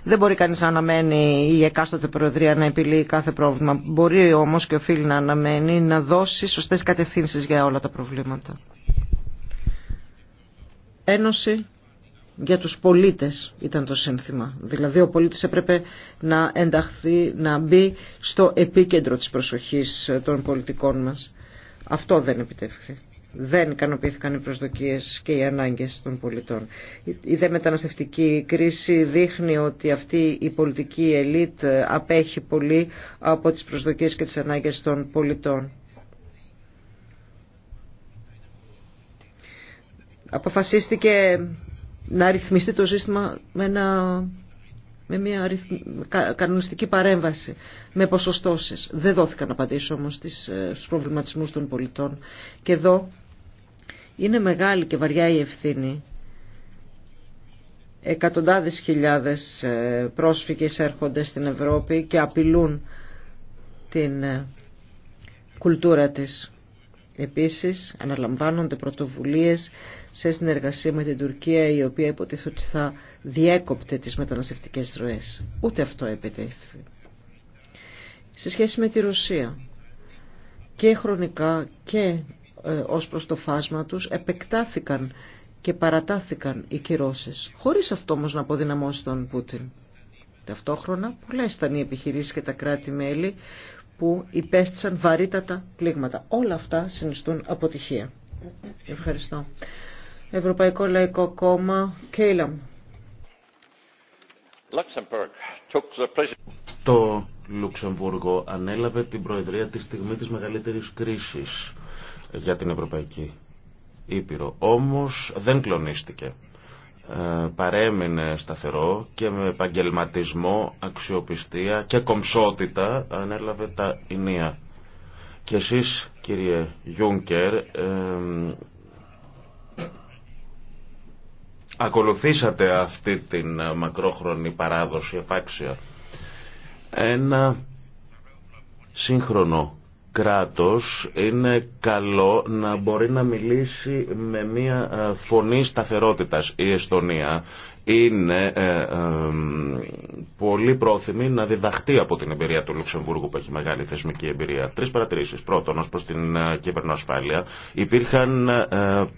Δεν μπορεί κανείς να αναμένει η εκάστοτε Προεδρία να επιλύει κάθε πρόβλημα. Μπορεί όμως και οφείλει να αναμένει να δώσει σωστές κατευθύνσεις για όλα τα προβλήματα. Ένωση για τους πολίτες ήταν το σύνθημα. Δηλαδή ο πολίτης έπρεπε να ενταχθεί, να μπει στο επίκεντρο της προσοχής των πολιτικών μας. Αυτό δεν επιτεύχθη δεν ικανοποιήθηκαν οι προσδοκίες και οι ανάγκες των πολιτών. Η δε μεταναστευτική κρίση δείχνει ότι αυτή η πολιτική ελίτ απέχει πολύ από τις προσδοκίες και τις ανάγκες των πολιτών. Αποφασίστηκε να ρυθμιστεί το σύστημα με ένα με μια κανονιστική παρέμβαση, με ποσοστώσεις. Δεν δόθηκαν απαντήσεις όμως ε, στους προβληματισμούς των πολιτών. Και εδώ είναι μεγάλη και βαριά η ευθύνη. Εκατοντάδες χιλιάδες ε, πρόσφυγες έρχονται στην Ευρώπη και απειλούν την ε, κουλτούρα της. Επίσης αναλαμβάνονται πρωτοβουλίες σε συνεργασία με την Τουρκία η οποία υποτίθεται ότι θα διέκοπτε τις μεταναστευτικές ροές. Ούτε αυτό επιτεύχθη. Σε σχέση με τη Ρωσία και χρονικά και ε, ως προς το φάσμα τους επεκτάθηκαν και παρατάθηκαν οι κυρώσεις, χωρίς αυτό όμως να αποδυναμώσει τον Πούτιν. Ταυτόχρονα πολλές ήταν οι επιχειρήσεις και τα κράτη-μέλη που υπέστησαν βαρύτατα πλήγματα. Όλα αυτά συνιστούν αποτυχία. Ευχαριστώ. Ευρωπαϊκό Λαϊκό Κόμμα, Κέιλαμ. Το Λουξεμβούργο ανέλαβε την Προεδρία τη στιγμή της μεγαλύτερης κρίσης για την Ευρωπαϊκή Ήπειρο. Όμως δεν κλονίστηκε. Ε, παρέμεινε σταθερό και με επαγγελματισμό, αξιοπιστία και κομψότητα ανέλαβε τα ηνία. Και εσείς κύριε Γιούνκερ ακολουθήσατε αυτή την μακρόχρονη παράδοση επάξια. Ένα σύγχρονο κράτος είναι καλό να μπορεί να μιλήσει με μια ε, φωνή σταθερότητας. Η Εστονία είναι ε, πολύ πρόθυμη να διδαχτεί από την εμπειρία του Λουξεμβούργου που έχει μεγάλη θεσμική εμπειρία. Τρει παρατηρήσεις. Πρώτον, ω προ την ε, κυβερνοασφάλεια υπήρχαν ε,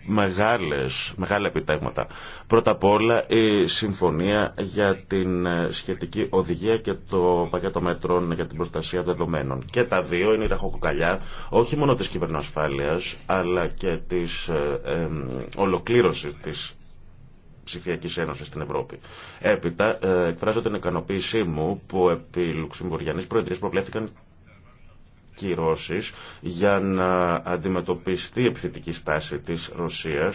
μεγάλες, μεγάλα επιτέγματα. Πρώτα απ' όλα η συμφωνία για την ε, σχετική οδηγία και το πακέτο μέτρων για την προστασία δεδομένων. Και τα δύο είναι η ραχοκοκαλιά όχι μόνο τη κυβερνοασφάλεια αλλά και τη ε, ολοκλήρωση τη ψηφιακή ένωση στην Ευρώπη. Έπειτα, ε, εκφράζω την ικανοποίησή μου που επί Λουξεμβουργιανή Προεδρία προβλέφθηκαν κυρώσει για να αντιμετωπιστεί η επιθετική στάση τη Ρωσία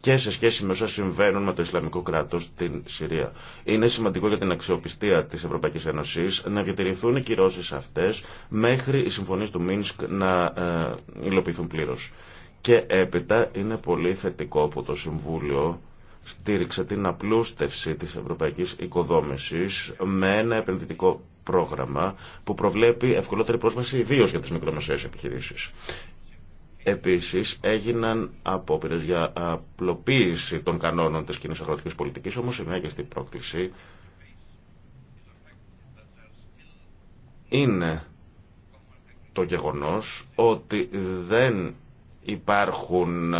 και σε σχέση με όσα συμβαίνουν με το Ισλαμικό κράτο στην Συρία. Είναι σημαντικό για την αξιοπιστία τη Ευρωπαϊκή Ένωση να διατηρηθούν οι κυρώσει αυτέ μέχρι οι συμφωνίε του Μίνσκ να ε, υλοποιηθούν πλήρω. Και έπειτα είναι πολύ θετικό που το Συμβούλιο στήριξε την απλούστευση της ευρωπαϊκής οικοδόμησης με ένα επενδυτικό πρόγραμμα που προβλέπει ευκολότερη πρόσβαση ιδίως για τις μικρομεσαίες επιχειρήσεις. Επίσης έγιναν απόπειρε για απλοποίηση των κανόνων της κοινής αγροτικής πολιτικής, όμως η μέγιστη πρόκληση είναι το γεγονός ότι δεν υπάρχουν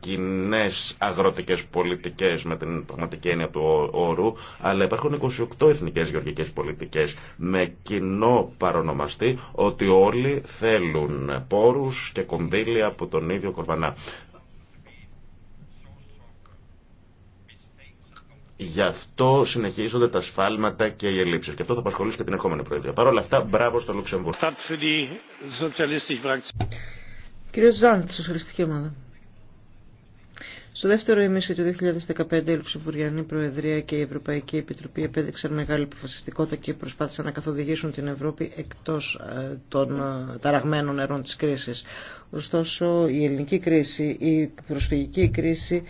κοινέ αγροτικέ πολιτικέ με την πραγματική έννοια του όρου, αλλά υπάρχουν 28 εθνικέ γεωργικέ πολιτικέ με κοινό παρονομαστή ότι όλοι θέλουν πόρου και κονδύλια από τον ίδιο κορβανά. Γι' αυτό συνεχίζονται τα σφάλματα και οι ελλείψεις. Και αυτό θα απασχολήσει και την επόμενη Προεδρία. Παρ' όλα αυτά, μπράβο στο Λουξεμβούργο. Κύριο Ζάντ, Σοσιαλιστική Ομάδα. Στο δεύτερο ημίση του 2015 η Λουξεμβουργιανή Προεδρία και η Ευρωπαϊκή Επιτροπή επέδειξαν μεγάλη αποφασιστικότητα και προσπάθησαν να καθοδηγήσουν την Ευρώπη εκτός ε, των ε, ταραγμένων νερών της κρίσης. Ωστόσο η ελληνική κρίση, η προσφυγική κρίση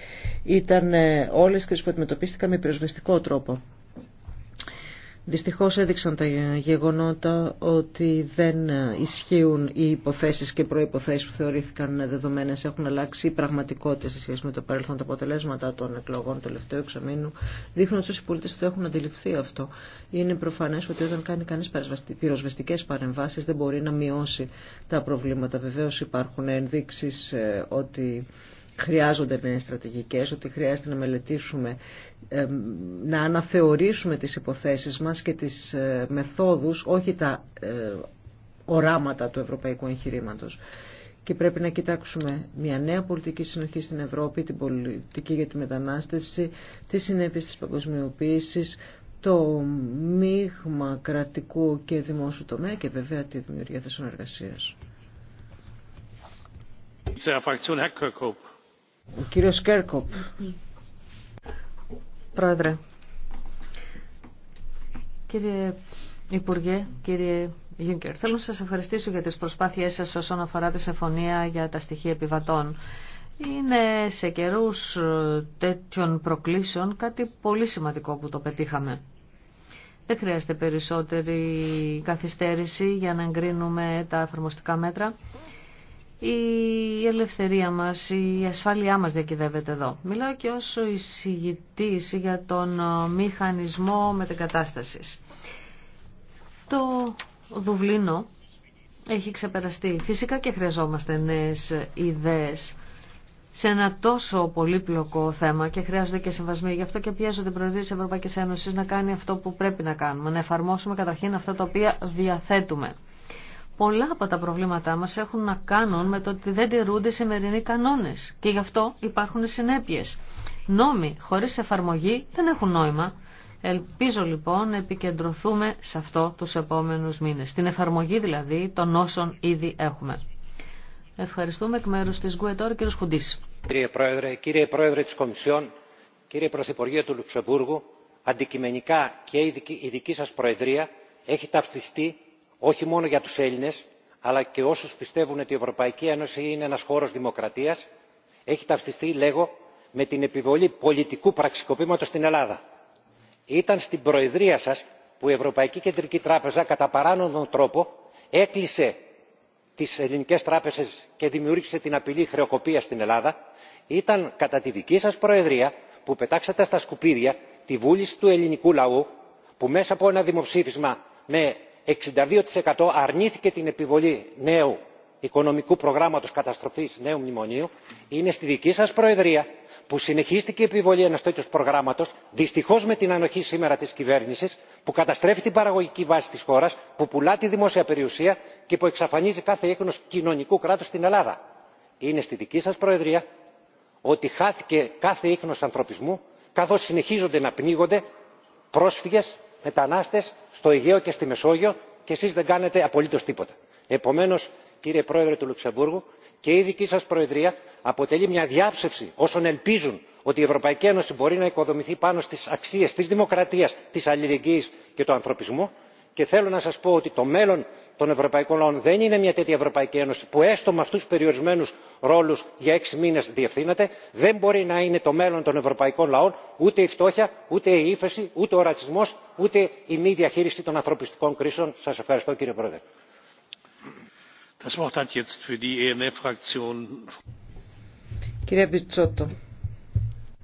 ήταν ε, όλες κρίσεις που αντιμετωπίστηκαν με πυροσβεστικό τρόπο. Δυστυχώς έδειξαν τα γεγονότα ότι δεν ισχύουν οι υποθέσεις και προϋποθέσεις που θεωρήθηκαν δεδομένες. Έχουν αλλάξει οι πραγματικότητες σε σχέση με το παρελθόν. Τα αποτελέσματα των εκλογών του τελευταίου εξαμήνου δείχνουν οι πολίτες το έχουν αντιληφθεί αυτό. Είναι προφανές ότι όταν κάνει κανείς πυροσβεστικές παρεμβάσεις δεν μπορεί να μειώσει τα προβλήματα. Βεβαίως υπάρχουν ενδείξεις ε, ότι χρειάζονται νέε στρατηγικές, ότι χρειάζεται να μελετήσουμε, να αναθεωρήσουμε τις υποθέσεις μας και τις ε, μεθόδους, όχι τα ε, οράματα του ευρωπαϊκού εγχειρήματο. Και πρέπει να κοιτάξουμε μια νέα πολιτική συνοχή στην Ευρώπη, την πολιτική για τη μετανάστευση, τι συνέπειε τη παγκοσμιοποίηση, το μείγμα κρατικού και δημόσιου τομέα και βέβαια τη δημιουργία θέσεων εργασία. Κύριε κύριος Κέρκοπ. Πρόεδρε. Κύριε Υπουργέ, κύριε Γιούγκερ, θέλω να σας ευχαριστήσω για τις προσπάθειές σας όσον αφορά τη συμφωνία για τα στοιχεία επιβατών. Είναι σε καιρούς τέτοιων προκλήσεων κάτι πολύ σημαντικό που το πετύχαμε. Δεν χρειάζεται περισσότερη καθυστέρηση για να εγκρίνουμε τα εφαρμοστικά μέτρα η ελευθερία μας, η ασφάλειά μας διακυδεύεται εδώ. Μιλάω και ως εισηγητής για τον ε, μηχανισμό μετεγκατάστασης. Το Δουβλίνο έχει ξεπεραστεί. Φυσικά και χρειαζόμαστε νέες ιδέες σε ένα τόσο πολύπλοκο θέμα και χρειάζονται και συμβασμοί. Γι' αυτό και πιέζονται την Προεδρία τη Ευρωπαϊκή Ένωση να κάνει αυτό που πρέπει να κάνουμε, να εφαρμόσουμε καταρχήν αυτά τα οποία διαθέτουμε πολλά από τα προβλήματά μας έχουν να κάνουν με το ότι δεν τηρούνται σημερινοί κανόνες και γι' αυτό υπάρχουν συνέπειες. Νόμοι χωρίς εφαρμογή δεν έχουν νόημα. Ελπίζω λοιπόν να επικεντρωθούμε σε αυτό τους επόμενους μήνες, στην εφαρμογή δηλαδή των όσων ήδη έχουμε. Ευχαριστούμε εκ μέρους της Γκουετόρ, κύριος Χουντής. Κύριε Πρόεδρε, κύριε Πρόεδρε της Κομισιόν, κύριε Πρωθυπουργέ του Λουξεμβούργου, αντικειμενικά και η δική σας Προεδρία έχει ταυτιστεί όχι μόνο για τους έλληνες αλλά και όσους πιστεύουν ότι η ευρωπαϊκή ένωση είναι ένας χώρος δημοκρατίας έχει ταυτιστεί λέγω με την επιβολή πολιτικού πραξικοπήματος στην ελλάδα. ήταν στην προεδρία σας που η ευρωπαϊκή κεντρική τράπεζα κατά παράνομο τρόπο έκλεισε τις ελληνικές τράπεζες και δημιούργησε την απειλή χρεοκοπίας στην ελλάδα. ήταν κατά τη δική σας προεδρία που πετάξατε στα σκουπίδια τη βούληση του ελληνικού λαού που μέσα από ένα δημοψήφισμα με 62 αρνήθηκε την επιβολή νέου οικονομικού προγράμματο καταστροφή νέου μνημονίου είναι στη δική σα προεδρία που συνεχίστηκε η επιβολή ενό τέτοιου προγράμματο, δυστυχώ με την ανοχή σήμερα τη κυβέρνηση, που καταστρέφει την παραγωγική βάση τη χώρα, που πουλά τη δημόσια περιουσία και που εξαφανίζει κάθε ίχνος κοινωνικού κράτου στην ελλάδα. είναι στη δική σα προεδρία ότι χάθηκε κάθε ίχνος ανθρωπισμού καθώ συνεχίζονται να πνίγονται πρόσφυγε μετανάστες στο αιγαίο και στη μεσόγειο και εσείς δεν κάνετε απολύτως τίποτα. επομένως κύριε πρόεδρε του λουξεμβούργου και η δική σας προεδρία αποτελεί μια διάψευση όσων ελπίζουν ότι η ευρωπαϊκή ένωση μπορεί να οικοδομηθεί πάνω στις αξίες της δημοκρατίας της αλληλεγγύης και του ανθρωπισμού και θέλω να σας πω ότι το μέλλον των ευρωπαϊκών λαών δεν είναι μια τέτοια ευρωπαϊκή ένωση που έστω με αυτού του περιορισμένου ρόλου για έξι μήνε διευθύνεται δεν μπορεί να είναι το μέλλον των ευρωπαϊκών λαών ούτε η φτώχεια ούτε η ύφεση ούτε ο ρατσισμό ούτε η μη διαχείριση των ανθρωπιστικών κρίσεων. σα ευχαριστώ κύριε πρόεδρε. E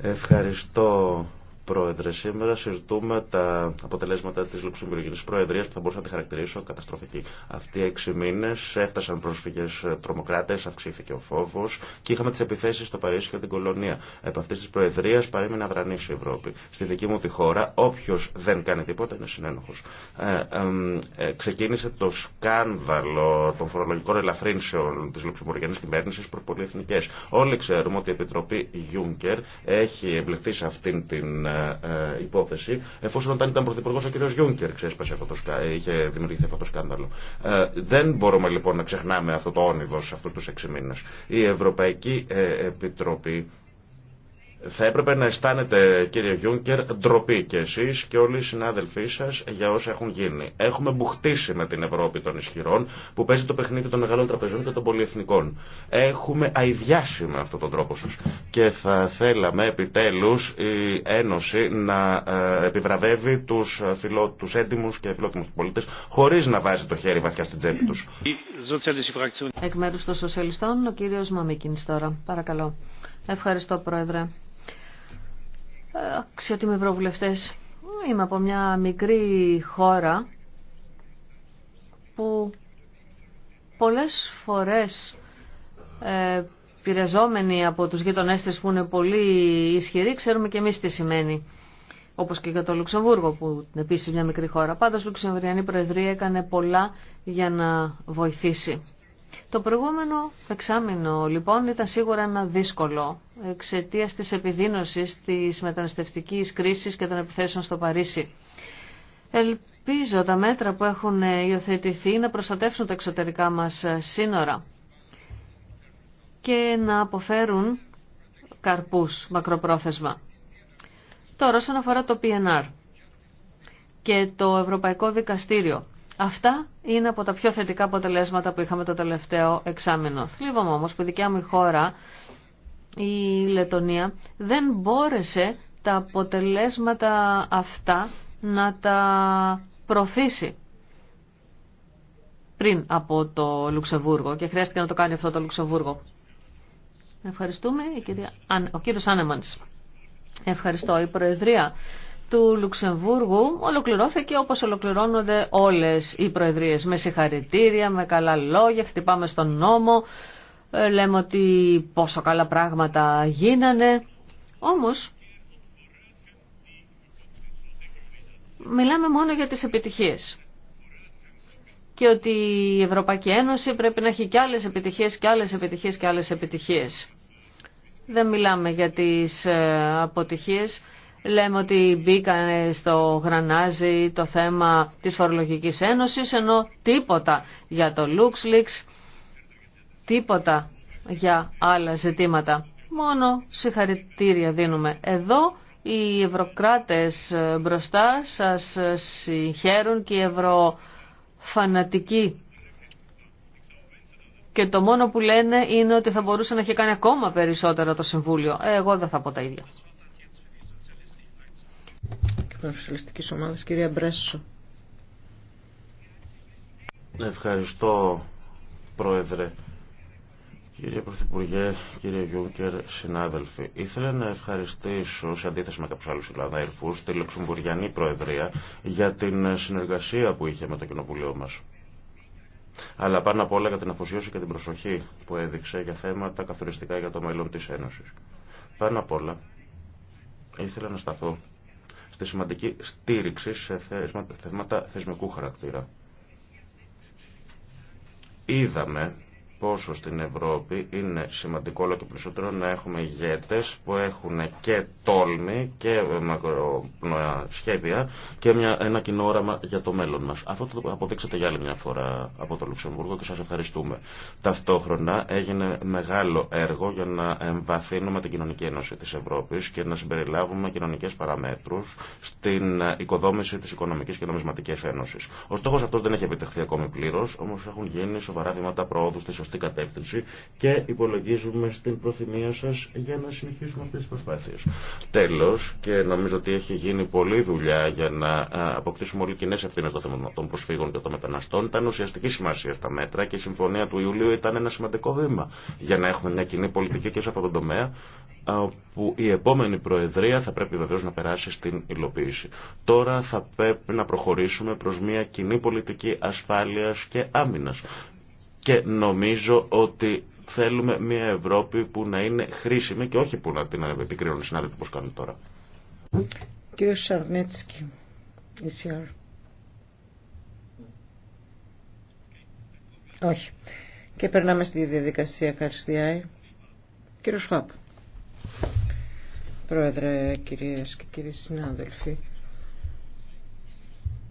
ευχαριστώ Πρόεδρε, σήμερα συζητούμε τα αποτελέσματα τη Λουξεμβουργική Προεδρία που θα μπορούσα να τη χαρακτηρίσω καταστροφική. Αυτοί οι έξι μήνε έφτασαν πρόσφυγε τρομοκράτε, αυξήθηκε ο φόβο και είχαμε τι επιθέσει στο Παρίσι και την Κολονία. Επ' αυτή τη Προεδρία παρέμεινε αδρανή η Ευρώπη. Στη δική μου τη χώρα, όποιο δεν κάνει τίποτα είναι συνένοχο. Ε, ε, ε, ξεκίνησε το σκάνδαλο των φορολογικών ελαφρύνσεων τη Λουξεμβουργική κυβέρνηση προ πολυεθνικέ. Όλοι ξέρουμε ότι η Επιτροπή Juncker έχει εμπλεχθεί σε αυτήν την ε, ε, ε, υπόθεση, εφόσον όταν ήταν πρωθυπουργό ο κ. Γιούνκερ ξέσπασε αυτό το είχε δημιουργηθεί αυτό το σκάνδαλο. Ε, δεν μπορούμε λοιπόν να ξεχνάμε αυτό το όνειρο σε αυτού του έξι μήνε. Η Ευρωπαϊκή Επιτροπή θα έπρεπε να αισθάνετε, κύριε Γιούνκερ, ντροπή και εσεί και όλοι οι συνάδελφοί σα για όσα έχουν γίνει. Έχουμε μπουχτίσει με την Ευρώπη των ισχυρών που παίζει το παιχνίδι των μεγάλων τραπεζών και των πολυεθνικών. Έχουμε αειδιάσει με αυτόν τον τρόπο σα. Και θα θέλαμε επιτέλου η Ένωση να ε, επιβραβεύει του ε, φιλό... τους έντιμου και φιλότιμου πολίτε χωρί να βάζει το χέρι βαθιά στην τσέπη του. Εκ μέρου των Σοσιαλιστών, ο κύριο Μαμίκιν τώρα. Παρακαλώ. Ευχαριστώ, Πρόεδρε αξιότιμοι ευρωβουλευτές, είμαι από μια μικρή χώρα που πολλές φορές ε, από τους γείτονές που είναι πολύ ισχυροί, ξέρουμε και εμείς τι σημαίνει. Όπως και για το Λουξεμβούργο που είναι επίσης μια μικρή χώρα. Πάντως η Λουξεμβριανή Προεδρία έκανε πολλά για να βοηθήσει. Το προηγούμενο εξάμεινο λοιπόν ήταν σίγουρα ένα δύσκολο εξαιτία της επιδείνωση της μεταναστευτική κρίση και των επιθέσεων στο Παρίσι. Ελπίζω τα μέτρα που έχουν υιοθετηθεί να προστατεύσουν τα εξωτερικά μας σύνορα και να αποφέρουν καρπούς μακροπρόθεσμα. Τώρα, όσον αφορά το PNR και το Ευρωπαϊκό Δικαστήριο, Αυτά είναι από τα πιο θετικά αποτελέσματα που είχαμε το τελευταίο εξάμεινο. Θλίβομαι όμως που η δικιά μου χώρα, η Λετωνία, δεν μπόρεσε τα αποτελέσματα αυτά να τα προωθήσει πριν από το Λουξεμβούργο και χρειάστηκε να το κάνει αυτό το Λουξεμβούργο. Ευχαριστούμε. Η κυρία... Ο κύριος Άνεμανς. Ευχαριστώ. Η Προεδρία του Λουξεμβούργου ολοκληρώθηκε όπως ολοκληρώνονται όλες οι προεδρίες. Με συγχαρητήρια, με καλά λόγια, χτυπάμε στον νόμο, ε, λέμε ότι πόσο καλά πράγματα γίνανε. Όμως, μιλάμε μόνο για τις επιτυχίες. Και ότι η Ευρωπαϊκή Ένωση πρέπει να έχει και άλλες επιτυχίες και άλλες επιτυχίες και άλλες επιτυχίες. Δεν μιλάμε για τις ε, αποτυχίες Λέμε ότι μπήκανε στο γρανάζι το θέμα της Φορολογικής Ένωσης, ενώ τίποτα για το LuxLeaks, τίποτα για άλλα ζητήματα. Μόνο συγχαρητήρια δίνουμε. Εδώ οι ευρωκράτες μπροστά σας συγχαίρουν και οι ευρωφανατικοί. Και το μόνο που λένε είναι ότι θα μπορούσε να έχει κάνει ακόμα περισσότερο το Συμβούλιο. Εγώ δεν θα πω τα ίδια κυρία Ευχαριστώ, Πρόεδρε. Κύριε Πρωθυπουργέ, κύριε Γιούγκερ, συνάδελφοι, ήθελα να ευχαριστήσω, σε αντίθεση με κάποιου άλλου συναδέλφου, τη Λεξουμβουριανή Προεδρία για την συνεργασία που είχε με το Κοινοβουλίο μα. Αλλά πάνω απ' όλα για την αφοσίωση και την προσοχή που έδειξε για θέματα καθοριστικά για το μέλλον τη Ένωση. Πάνω απ' όλα, ήθελα να σταθώ στη σημαντική στήριξη σε θέματα θεσμικού χαρακτήρα. Είδαμε πόσο στην Ευρώπη είναι σημαντικό όλο και περισσότερο να έχουμε ηγέτες που έχουν και τόλμη και μακροπνοία σχέδια και μια, ένα κοινό όραμα για το μέλλον μας. Αυτό το αποδείξατε για άλλη μια φορά από το Λουξεμβούργο και σας ευχαριστούμε. Ταυτόχρονα έγινε μεγάλο έργο για να εμβαθύνουμε την κοινωνική ένωση της Ευρώπης και να συμπεριλάβουμε κοινωνικές παραμέτρους στην οικοδόμηση της Οικονομικής και Νομισματικής Ένωσης. Ο στόχος αυτό δεν έχει επιτευχθεί ακόμη πλήρω, όμως έχουν γίνει σοβαρά βήματα προόδου στη σωστή κατεύθυνση και υπολογίζουμε στην προθυμία σας για να συνεχίσουμε αυτές τις προσπάθειες. Τέλος, και νομίζω ότι έχει γίνει πολλή δουλειά για να αποκτήσουμε όλοι κοινέ ευθύνε στο θέμα των προσφύγων και των μεταναστών. Ήταν ουσιαστική σημασία στα μέτρα και η συμφωνία του Ιουλίου ήταν ένα σημαντικό βήμα για να έχουμε μια κοινή πολιτική και σε αυτόν τον τομέα που η επόμενη Προεδρία θα πρέπει βεβαίως να περάσει στην υλοποίηση. Τώρα θα πρέπει να προχωρήσουμε προς μια κοινή πολιτική ασφάλειας και άμυνας και νομίζω ότι θέλουμε μια Ευρώπη που να είναι χρήσιμη και όχι που να την επικρίνουν οι συνάδελφοι όπως κάνουν τώρα. Κύριο Σαρνέτσκι, ECR. Όχι. Και περνάμε στη διαδικασία Καρστιάη. Κύριο Φαπ. Πρόεδρε, κυρίες και κύριοι συνάδελφοι,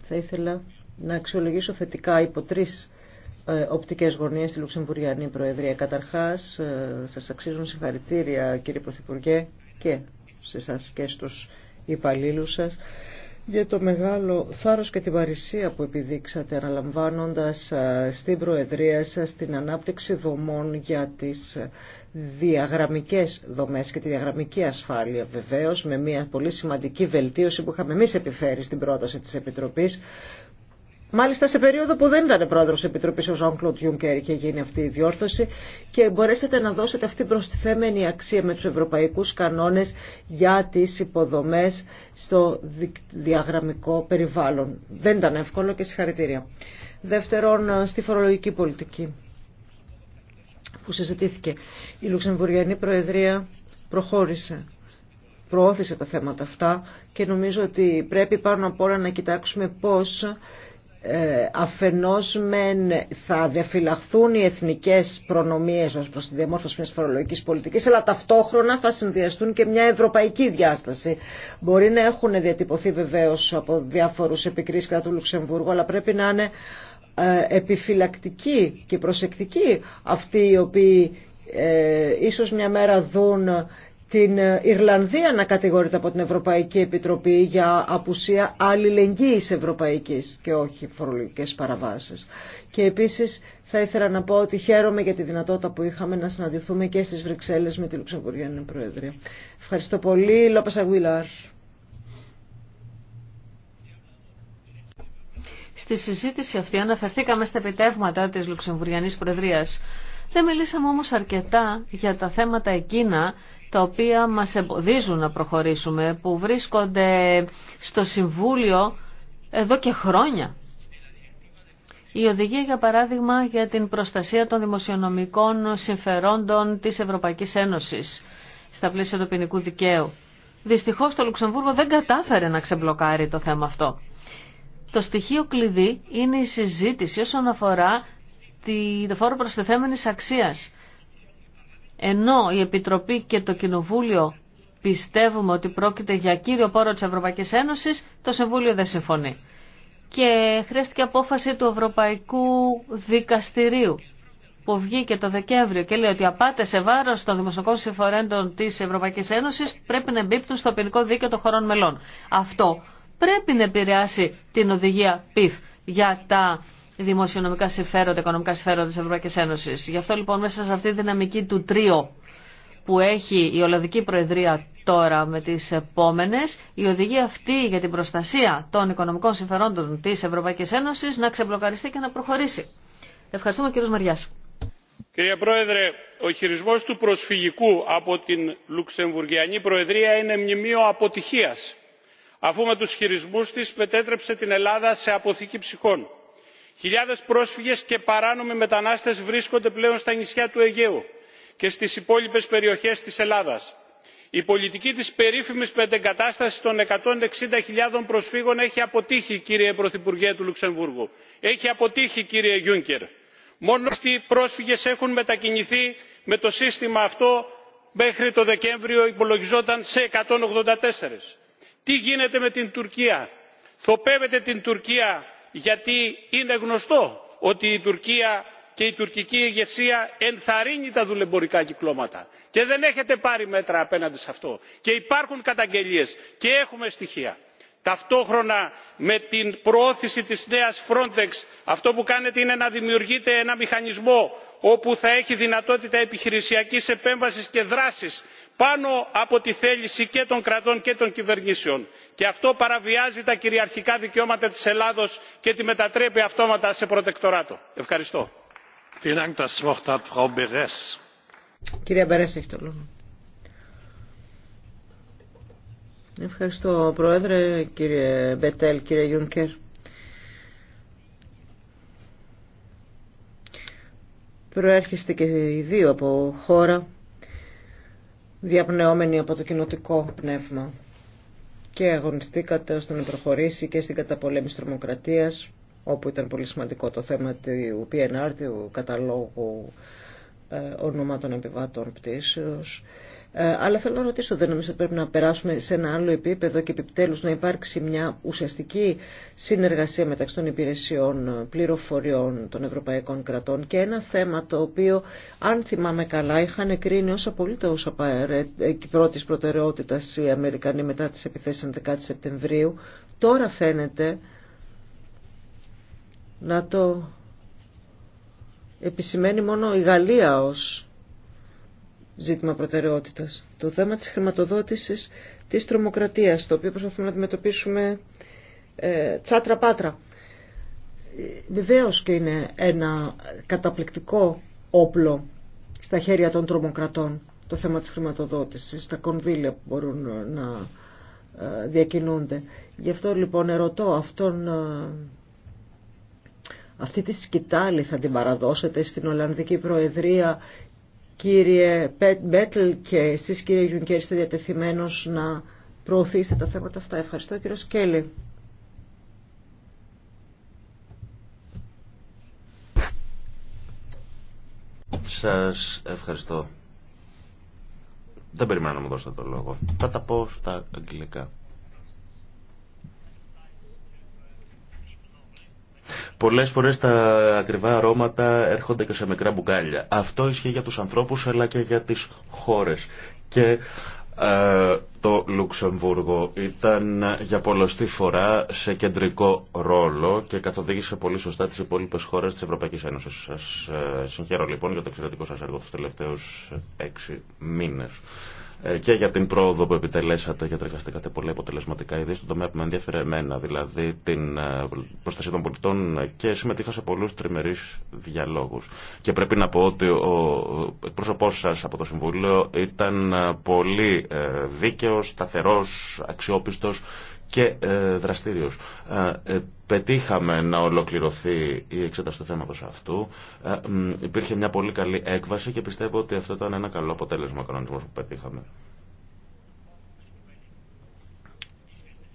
θα ήθελα να αξιολογήσω θετικά υπό τρεις ε, οπτικές γωνίες στη Λουξεμβουριανή Προεδρία. Καταρχάς, ε, σας αξίζουν συγχαρητήρια κύριε Πρωθυπουργέ και σε εσάς και στους υπαλλήλους σας για το μεγάλο θάρρος και την παρησία που επιδείξατε αναλαμβάνοντας ε, στην Προεδρία σας την ανάπτυξη δομών για τις διαγραμμικές δομές και τη διαγραμμική ασφάλεια βεβαίως με μια πολύ σημαντική βελτίωση που είχαμε εμείς επιφέρει στην πρόταση της Επιτροπής Μάλιστα σε περίοδο που δεν ήταν πρόεδρο τη Επιτροπή ο Ζαν Κλοντ Γιούνκερ και γίνει αυτή η διόρθωση και μπορέσατε να δώσετε αυτή την προστιθέμενη αξία με του ευρωπαϊκού κανόνε για τι υποδομέ στο διαγραμμικό περιβάλλον. Δεν ήταν εύκολο και συγχαρητήρια. Δεύτερον, στη φορολογική πολιτική που συζητήθηκε. Η Λουξεμβουριανή Προεδρία προχώρησε προώθησε τα θέματα αυτά και νομίζω ότι πρέπει πάνω απ' όλα να κοιτάξουμε πώς ε, αφενός μεν θα διαφυλαχθούν οι εθνικές προνομίες ως προς τη διαμόρφωση μιας φορολογικής πολιτικής αλλά ταυτόχρονα θα συνδυαστούν και μια ευρωπαϊκή διάσταση. Μπορεί να έχουν διατυπωθεί βεβαίως από διάφορους επικρίσεις κατά του Λουξεμβούργου αλλά πρέπει να είναι ε, επιφυλακτικοί και προσεκτικοί αυτοί οι οποίοι ε, ίσως μια μέρα δουν την ε, Ιρλανδία να κατηγορείται από την Ευρωπαϊκή Επιτροπή για απουσία αλληλεγγύης ευρωπαϊκής και όχι φορολογικές παραβάσεις. Και επίσης θα ήθελα να πω ότι χαίρομαι για τη δυνατότητα που είχαμε να συναντηθούμε και στις Βρυξέλλες με τη Λουξεμβουργιανή Προεδρία. Ευχαριστώ πολύ. Λόπες Αγουίλαρ. Στη συζήτηση αυτή αναφερθήκαμε στα επιτεύγματα της Λουξεμβουργιανής Προεδρίας. Δεν μιλήσαμε όμως αρκετά για τα θέματα εκείνα τα οποία μας εμποδίζουν να προχωρήσουμε, που βρίσκονται στο Συμβούλιο εδώ και χρόνια. Η οδηγία, για παράδειγμα, για την προστασία των δημοσιονομικών συμφερόντων της Ευρωπαϊκής Ένωσης στα πλαίσια του ποινικού δικαίου. Δυστυχώς το Λουξεμβούργο δεν κατάφερε να ξεμπλοκάρει το θέμα αυτό. Το στοιχείο κλειδί είναι η συζήτηση όσον αφορά το φόρο προστιθέμενης αξίας ενώ η Επιτροπή και το Κοινοβούλιο πιστεύουμε ότι πρόκειται για κύριο πόρο της Ευρωπαϊκής Ένωσης, το Συμβούλιο δεν συμφωνεί. Και χρειάστηκε απόφαση του Ευρωπαϊκού Δικαστηρίου που βγήκε το Δεκέμβριο και λέει ότι απάτε σε βάρο των δημοσιοκών συμφορέντων τη Ευρωπαϊκή Ένωση πρέπει να εμπίπτουν στο ποινικό δίκαιο των χωρών μελών. Αυτό πρέπει να επηρεάσει την οδηγία ΠΙΦ για τα δημοσιονομικά συμφέροντα, οικονομικά συμφέροντα της Ευρωπαϊκής Ένωσης. Γι' αυτό λοιπόν μέσα σε αυτή τη δυναμική του τρίο που έχει η Ολλανδική Προεδρία τώρα με τις επόμενες, η οδηγία αυτή για την προστασία των οικονομικών συμφερόντων της Ευρωπαϊκής Ένωσης να ξεμπλοκαριστεί και να προχωρήσει. Ευχαριστούμε κύριο Μαριάς. Κύριε Πρόεδρε, ο χειρισμός του προσφυγικού από την Λουξεμβουργιανή Προεδρία είναι μνημείο αποτυχίας, αφού με τους χειρισμούς της μετέτρεψε την Ελλάδα σε αποθήκη ψυχών χιλιάδες πρόσφυγες και παράνομοι μετανάστες βρίσκονται πλέον στα νησιά του αιγαίου και στις υπόλοιπες περιοχές της ελλάδας. η πολιτική της περίφημης πεντεγκατάστασης των 160.000 προσφύγων έχει αποτύχει κύριε πρωθυπουργέ του λουξεμβούργου έχει αποτύχει κύριε γιούνκερ. μόνο οι πρόσφυγες έχουν μετακινηθεί με το σύστημα αυτό μέχρι το δεκέμβριο υπολογιζόταν σε 184. τι γίνεται με την τουρκία; θοπεύετε την τουρκία γιατί είναι γνωστό ότι η τουρκία και η τουρκική ηγεσία ενθαρρύνει τα δουλεμπορικά κυκλώματα και δεν έχετε πάρει μέτρα απέναντι σε αυτό και υπάρχουν καταγγελίες και έχουμε στοιχεία. ταυτόχρονα με την προώθηση της νέας frontex αυτό που κάνετε είναι να δημιουργείτε ένα μηχανισμό όπου θα έχει δυνατότητα επιχειρησιακής επέμβασης και δράσης πάνω από τη θέληση και των κρατών και των κυβερνήσεων και αυτό παραβιάζει τα κυριαρχικά δικαιώματα της ελλάδος και τη μετατρέπει αυτόματα σε προτεκτοράτο. ευχαριστώ. Ευχαριστώ Πρόεδρε, κύριε Μπετέλ, κύριε Γιούνκερ. Προέρχεστε και οι δύο από χώρα διαπνεόμενοι από το κοινοτικό πνεύμα και αγωνιστήκατε ώστε να προχωρήσει και στην καταπολέμηση τρομοκρατίας όπου ήταν πολύ σημαντικό το θέμα του PNR, του καταλόγου ε, ονομάτων επιβάτων πτήσεως ε, αλλά θέλω να ρωτήσω, δεν νομίζω ότι πρέπει να περάσουμε σε ένα άλλο επίπεδο και επιτέλους να υπάρξει μια ουσιαστική συνεργασία μεταξύ των υπηρεσιών πληροφοριών των ευρωπαϊκών κρατών και ένα θέμα το οποίο, αν θυμάμαι καλά, είχαν κρίνει ως απολύτω ε, πρώτης προτεραιότητας οι Αμερικανοί μετά τις επιθέσεις 11 Σεπτεμβρίου. Τώρα φαίνεται να το επισημαίνει μόνο η Γαλλία ως ζήτημα προτεραιότητας. Το θέμα της χρηματοδότησης της τρομοκρατίας, το οποίο προσπαθούμε να αντιμετωπίσουμε ε, τσάτρα-πάτρα. Βεβαίω και είναι ένα καταπληκτικό όπλο στα χέρια των τρομοκρατών το θέμα της χρηματοδότησης, τα κονδύλια που μπορούν να ε, διακινούνται. Γι' αυτό λοιπόν ερωτώ αυτόν, ε, αυτή τη σκητάλη θα την παραδώσετε στην Ολλανδική Προεδρία κύριε Μπέτλ και εσείς κύριε Γιουνκέρ είστε διατεθειμένος να προωθήσετε τα θέματα αυτά. Ευχαριστώ κύριο Σκέλη. Σας ευχαριστώ. Δεν περιμένω να μου δώσετε το λόγο. Θα τα πω στα αγγλικά. Πολλές φορές τα ακριβά αρώματα έρχονται και σε μικρά μπουκάλια. Αυτό ισχύει για τους ανθρώπους αλλά και για τις χώρες. Και ε, το Λουξεμβούργο ήταν για πολλωστή φορά σε κεντρικό ρόλο και καθοδήγησε πολύ σωστά τις υπόλοιπες χώρες της Ευρωπαϊκής Ένωσης. Σας ε, συγχαίρω λοιπόν για το εξαιρετικό σας έργο τους τελευταίους έξι μήνες ε, και για την πρόοδο που επιτελέσατε και τρεχαστήκατε πολύ αποτελεσματικά, ήδη στον τομέα που με ενδιαφέρε εμένα, δηλαδή την ε, προστασία των πολιτών και συμμετείχα σε πολλούς τριμερείς διαλόγους. Και πρέπει να πω ότι ο πρόσωπο σας από το Συμβούλιο ήταν πολύ δίκαιο δίκαιος, σταθερός, αξιόπιστος και ε, δραστήριος. Ε, ε, πετύχαμε να ολοκληρωθεί η εξέταση του θέματος αυτού. Υπήρχε μια πολύ καλή έκβαση και πιστεύω ότι αυτό ήταν ένα καλό αποτέλεσμα κανονισμός που πετύχαμε.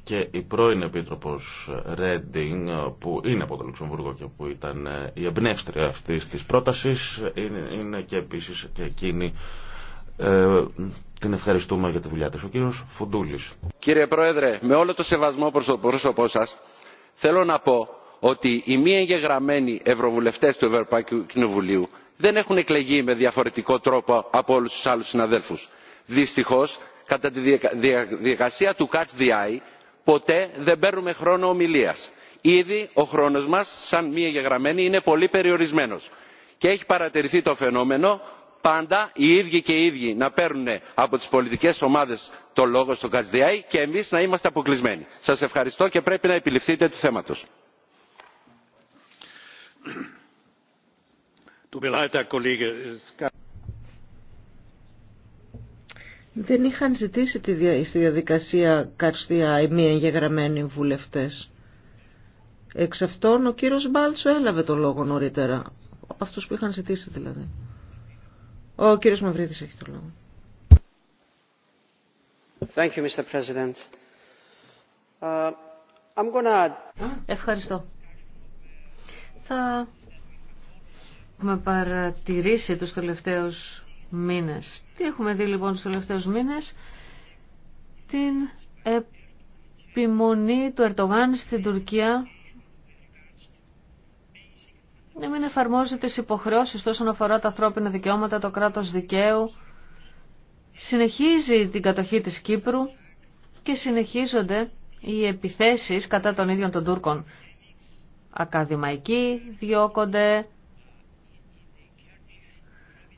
και η πρώην Επίτροπος Ρέντινγκ που είναι από το Λουξεμβούργο και που ήταν η εμπνεύστρια αυτής της πρότασης είναι, και επίσης και εκείνη την ευχαριστούμε για τη δουλειά της. Ο κύριος Φουντούλη. Κύριε Πρόεδρε, με όλο το σεβασμό προς το πρόσωπό σας, θέλω να πω ότι οι μη εγγεγραμμένοι ευρωβουλευτές του Ευρωπαϊκού Κοινοβουλίου δεν έχουν εκλεγεί με διαφορετικό τρόπο από όλους τους άλλους συναδέλφους. Δυστυχώς, κατά τη διαδικασία του Catch the Eye, ποτέ δεν παίρνουμε χρόνο ομιλίας. Ήδη ο χρόνος μας, σαν μη εγγεγραμμένοι, είναι πολύ περιορισμένο Και έχει παρατηρηθεί το φαινόμενο πάντα οι ίδιοι και οι ίδιοι να παίρνουν από τις πολιτικές ομάδες το λόγο στο ΚΑΤΣΔΙΑΙ και εμείς να είμαστε αποκλεισμένοι. Σας ευχαριστώ και πρέπει να επιληφθείτε του θέματος. Δεν είχαν ζητήσει τη στη διαδικασία ΚΑΤΣΔΙΑΙ μία εγγεγραμμένη βουλευτές. Εξ αυτών ο κύριος Μπάλτσο έλαβε το λόγο νωρίτερα. Από αυτούς που είχαν ζητήσει δηλαδή. Ο κύριος Μαυρίδης έχει το λόγο. Thank you, Mr. President. Uh, Ευχαριστώ. Θα έχουμε παρατηρήσει τους τελευταίους μήνες. Τι έχουμε δει λοιπόν τους τελευταίους μήνες. Την επιμονή του Ερτογάν στην Τουρκία να μην εφαρμόζει τις υποχρεώσεις όσον αφορά τα ανθρώπινα δικαιώματα, το κράτος δικαίου, συνεχίζει την κατοχή της Κύπρου και συνεχίζονται οι επιθέσεις κατά των ίδιων των Τούρκων. Ακαδημαϊκοί διώκονται,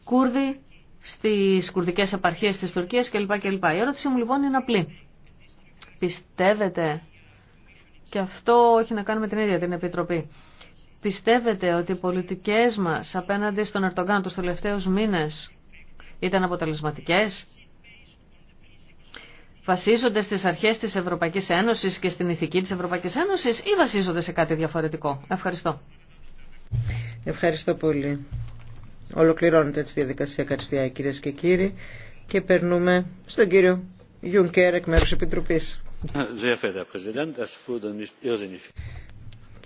Κούρδοι στις κουρδικές επαρχίες της Τουρκίας κλπ. κλπ. Η ερώτησή μου λοιπόν είναι απλή. Πιστεύετε, και αυτό έχει να κάνει με την ίδια την Επιτροπή, Πιστεύετε ότι οι πολιτικές μας απέναντι στον Ερτογκάν τους τελευταίους μήνες ήταν αποτελεσματικές. Βασίζονται στις αρχές της Ευρωπαϊκής Ένωσης και στην ηθική της Ευρωπαϊκής Ένωσης ή βασίζονται σε κάτι διαφορετικό. Ευχαριστώ. Ευχαριστώ πολύ. Ολοκληρώνεται έτσι η διαδικασία Καριστιά, κυρίε και κύριοι, και περνούμε στον κύριο Γιουνκέρ εκ μέρου Επιτροπή.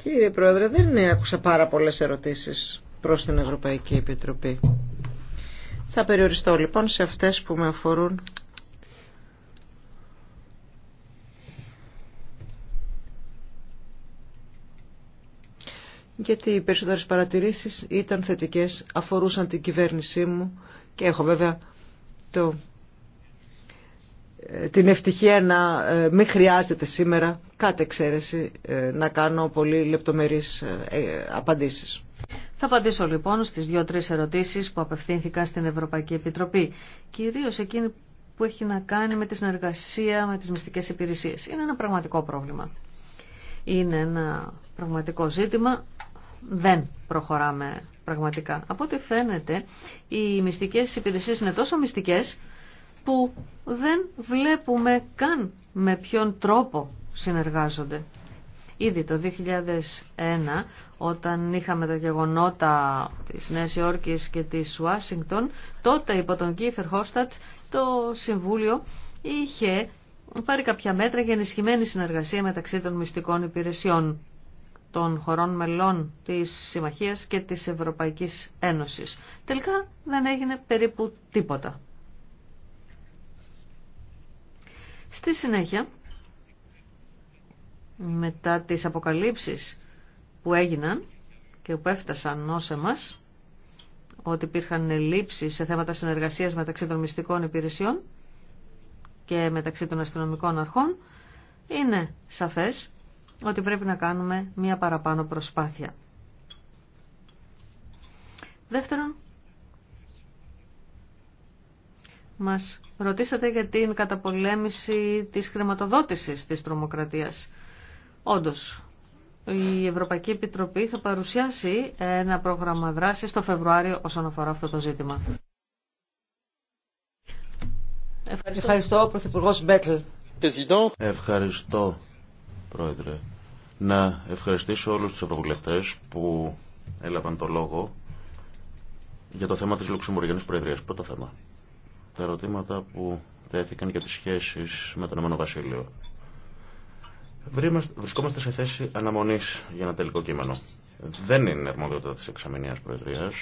Κύριε Πρόεδρε, δεν άκουσα πάρα πολλές ερωτήσεις προς την Ευρωπαϊκή Επιτροπή. Θα περιοριστώ λοιπόν σε αυτές που με αφορούν γιατί οι περισσότερες παρατηρήσεις ήταν θετικές, αφορούσαν την κυβέρνησή μου και έχω βέβαια το την ευτυχία να ε, μην χρειάζεται σήμερα, κάτι εξαίρεση, ε, να κάνω πολύ λεπτομερείς ε, απαντήσεις. Θα απαντήσω λοιπόν στις δύο-τρεις ερωτήσεις που απευθύνθηκα στην Ευρωπαϊκή Επιτροπή. Κυρίως εκείνη που έχει να κάνει με τη συνεργασία με τις μυστικές υπηρεσίες. Είναι ένα πραγματικό πρόβλημα. Είναι ένα πραγματικό ζήτημα. Δεν προχωράμε πραγματικά. Από ό,τι φαίνεται, οι μυστικές υπηρεσίες είναι τόσο μυστικές που δεν βλέπουμε καν με ποιον τρόπο συνεργάζονται. Ήδη το 2001, όταν είχαμε τα γεγονότα της Νέας Υόρκης και της Ουάσιγκτον, τότε υπό τον Κίφερ Χόστατ το Συμβούλιο είχε πάρει κάποια μέτρα για ενισχυμένη συνεργασία μεταξύ των μυστικών υπηρεσιών των χωρών μελών της Συμμαχίας και της Ευρωπαϊκής Ένωσης. Τελικά δεν έγινε περίπου τίποτα. Στη συνέχεια, μετά τις αποκαλύψεις που έγιναν και που έφτασαν ως εμάς, ότι υπήρχαν λήψεις σε θέματα συνεργασίας μεταξύ των μυστικών υπηρεσιών και μεταξύ των αστυνομικών αρχών, είναι σαφές ότι πρέπει να κάνουμε μία παραπάνω προσπάθεια. Δεύτερον, Μας ρωτήσατε για την καταπολέμηση της χρηματοδότησης της τρομοκρατίας. Όντως, η Ευρωπαϊκή Επιτροπή θα παρουσιάσει ένα πρόγραμμα δράσης το Φεβρουάριο όσον αφορά αυτό το ζήτημα. Ευχαριστώ, Ευχαριστώ Πρωθυπουργός Μπέτλ. Ευχαριστώ, Πρόεδρε. Να ευχαριστήσω όλους τους ευρωβουλευτές που έλαβαν το λόγο για το θέμα της Λουξεμβουργιανής Προεδρίας. Πρώτο θέμα τα ερωτήματα που τέθηκαν για τις σχέσεις με τον Ομένο Βασίλειο. Βρισκόμαστε σε θέση αναμονής για ένα τελικό κείμενο. Δεν είναι αρμοδιότητα της εξαμηνίας προεδρίας.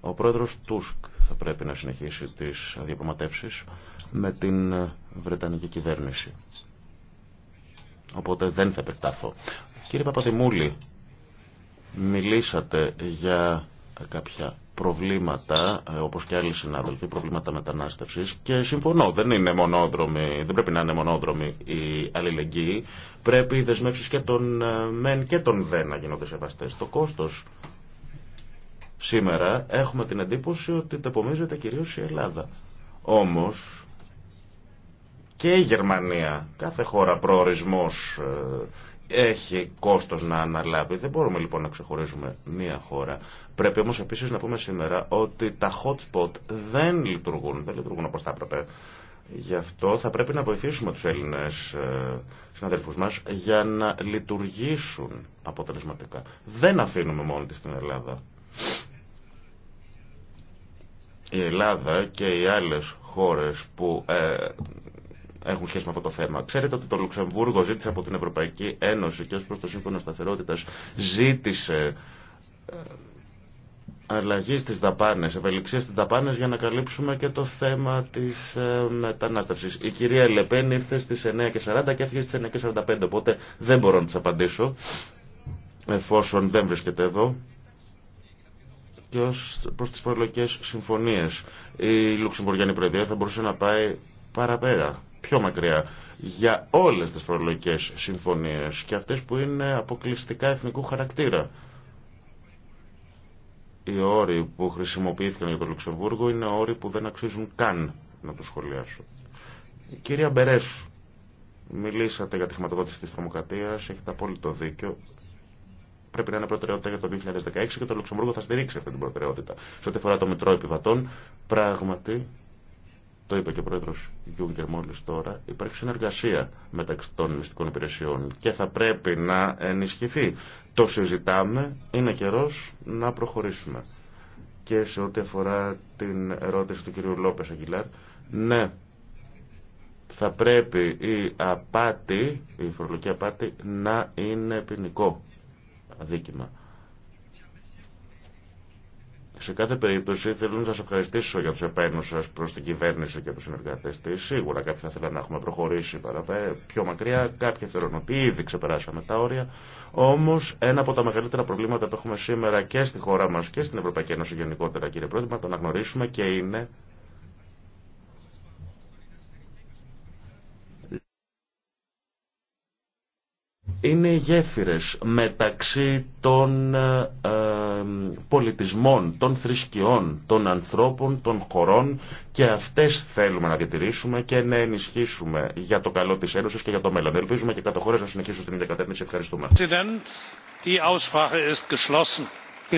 Ο πρόεδρος Τούσκ θα πρέπει να συνεχίσει τις διαπραγματεύσεις με την ε, Βρετανική κυβέρνηση. Οπότε δεν θα επεκτάθω. Κύριε Παπαδημούλη, μιλήσατε για κάποια προβλήματα, ε, όπως και άλλοι συνάδελφοι, προβλήματα μετανάστευσης και συμφωνώ, δεν, είναι μονόδρομοι, δεν πρέπει να είναι μονόδρομοι η αλληλεγγύοι. Πρέπει οι δεσμεύσεις και των ε, μεν και των δε να γίνονται σεβαστές. Το κόστος σήμερα έχουμε την εντύπωση ότι τεπομίζεται κυρίως η Ελλάδα. Όμως και η Γερμανία, κάθε χώρα προορισμός ε, έχει κόστος να αναλάβει. Δεν μπορούμε λοιπόν να ξεχωρίζουμε μία χώρα. Πρέπει όμως επίσης να πούμε σήμερα ότι τα hot spot δεν λειτουργούν, δεν λειτουργούν όπως θα έπρεπε. Γι' αυτό θα πρέπει να βοηθήσουμε τους Έλληνες ε, συναδελφούς μας για να λειτουργήσουν αποτελεσματικά. Δεν αφήνουμε μόνο της την Ελλάδα. Η Ελλάδα και οι άλλες χώρες που ε, έχουν σχέση με αυτό το θέμα. Ξέρετε ότι το Λουξεμβούργο ζήτησε από την Ευρωπαϊκή Ένωση και ω προ το Σύμφωνο Σταθερότητα ζήτησε ε, αλλαγή στι δαπάνε, ευελιξία στι δαπάνε για να καλύψουμε και το θέμα τη ε, Η κυρία Λεπέν ήρθε στις 9.40 και έφυγε στι 9.45, οπότε δεν μπορώ να τη απαντήσω, εφόσον δεν βρίσκεται εδώ και ως προς τις παρολογικές συμφωνίες. Η Λουξεμβουργιανή Προεδρία θα μπορούσε να πάει παραπέρα πιο μακριά για όλες τις φορολογικές συμφωνίες και αυτές που είναι αποκλειστικά εθνικού χαρακτήρα. Οι όροι που χρησιμοποιήθηκαν για το Λουξεμβούργο είναι όροι που δεν αξίζουν καν να το σχολιάσω. Η κυρία Μπερές, μιλήσατε για τη χρηματοδότηση της θερμοκρατίας. έχετε απόλυτο δίκιο. Πρέπει να είναι προτεραιότητα για το 2016 και το Λουξεμβούργο θα στηρίξει αυτή την προτεραιότητα. Σε ό,τι αφορά το Μητρό Επιβατών, πράγματι το είπε και ο πρόεδρο Γιούγκερ μόλις τώρα, υπάρχει συνεργασία μεταξύ των μυστικών υπηρεσιών και θα πρέπει να ενισχυθεί. Το συζητάμε, είναι καιρός να προχωρήσουμε. Και σε ό,τι αφορά την ερώτηση του κυρίου Λόπε Αγγιλάρ, ναι, θα πρέπει η απάτη, η φορολογική απάτη, να είναι ποινικό αδίκημα. Σε κάθε περίπτωση θέλω να σας ευχαριστήσω για του επένου σας προ την κυβέρνηση και του συνεργατέ τη. Σίγουρα κάποιοι θα θέλουν να έχουμε προχωρήσει παραπέρα, πιο μακριά, κάποιοι θεωρούν ότι ήδη ξεπεράσαμε τα όρια. Όμω, ένα από τα μεγαλύτερα προβλήματα που έχουμε σήμερα και στη χώρα μας και στην Ευρωπαϊκή Ένωση γενικότερα κύριε Πρόεδρε, να το αναγνωρίσουμε και είναι είναι γέφυρες μεταξύ των ε, ε, πολιτισμών, των θρησκειών, των ανθρώπων, των χωρών και αυτές θέλουμε να διατηρήσουμε και να ενισχύσουμε για το καλό της Ένωσης και για το μέλλον. Ελπίζουμε και κάτω να συνεχίσουν στην ίδια κατεύθυνση. Ευχαριστούμε.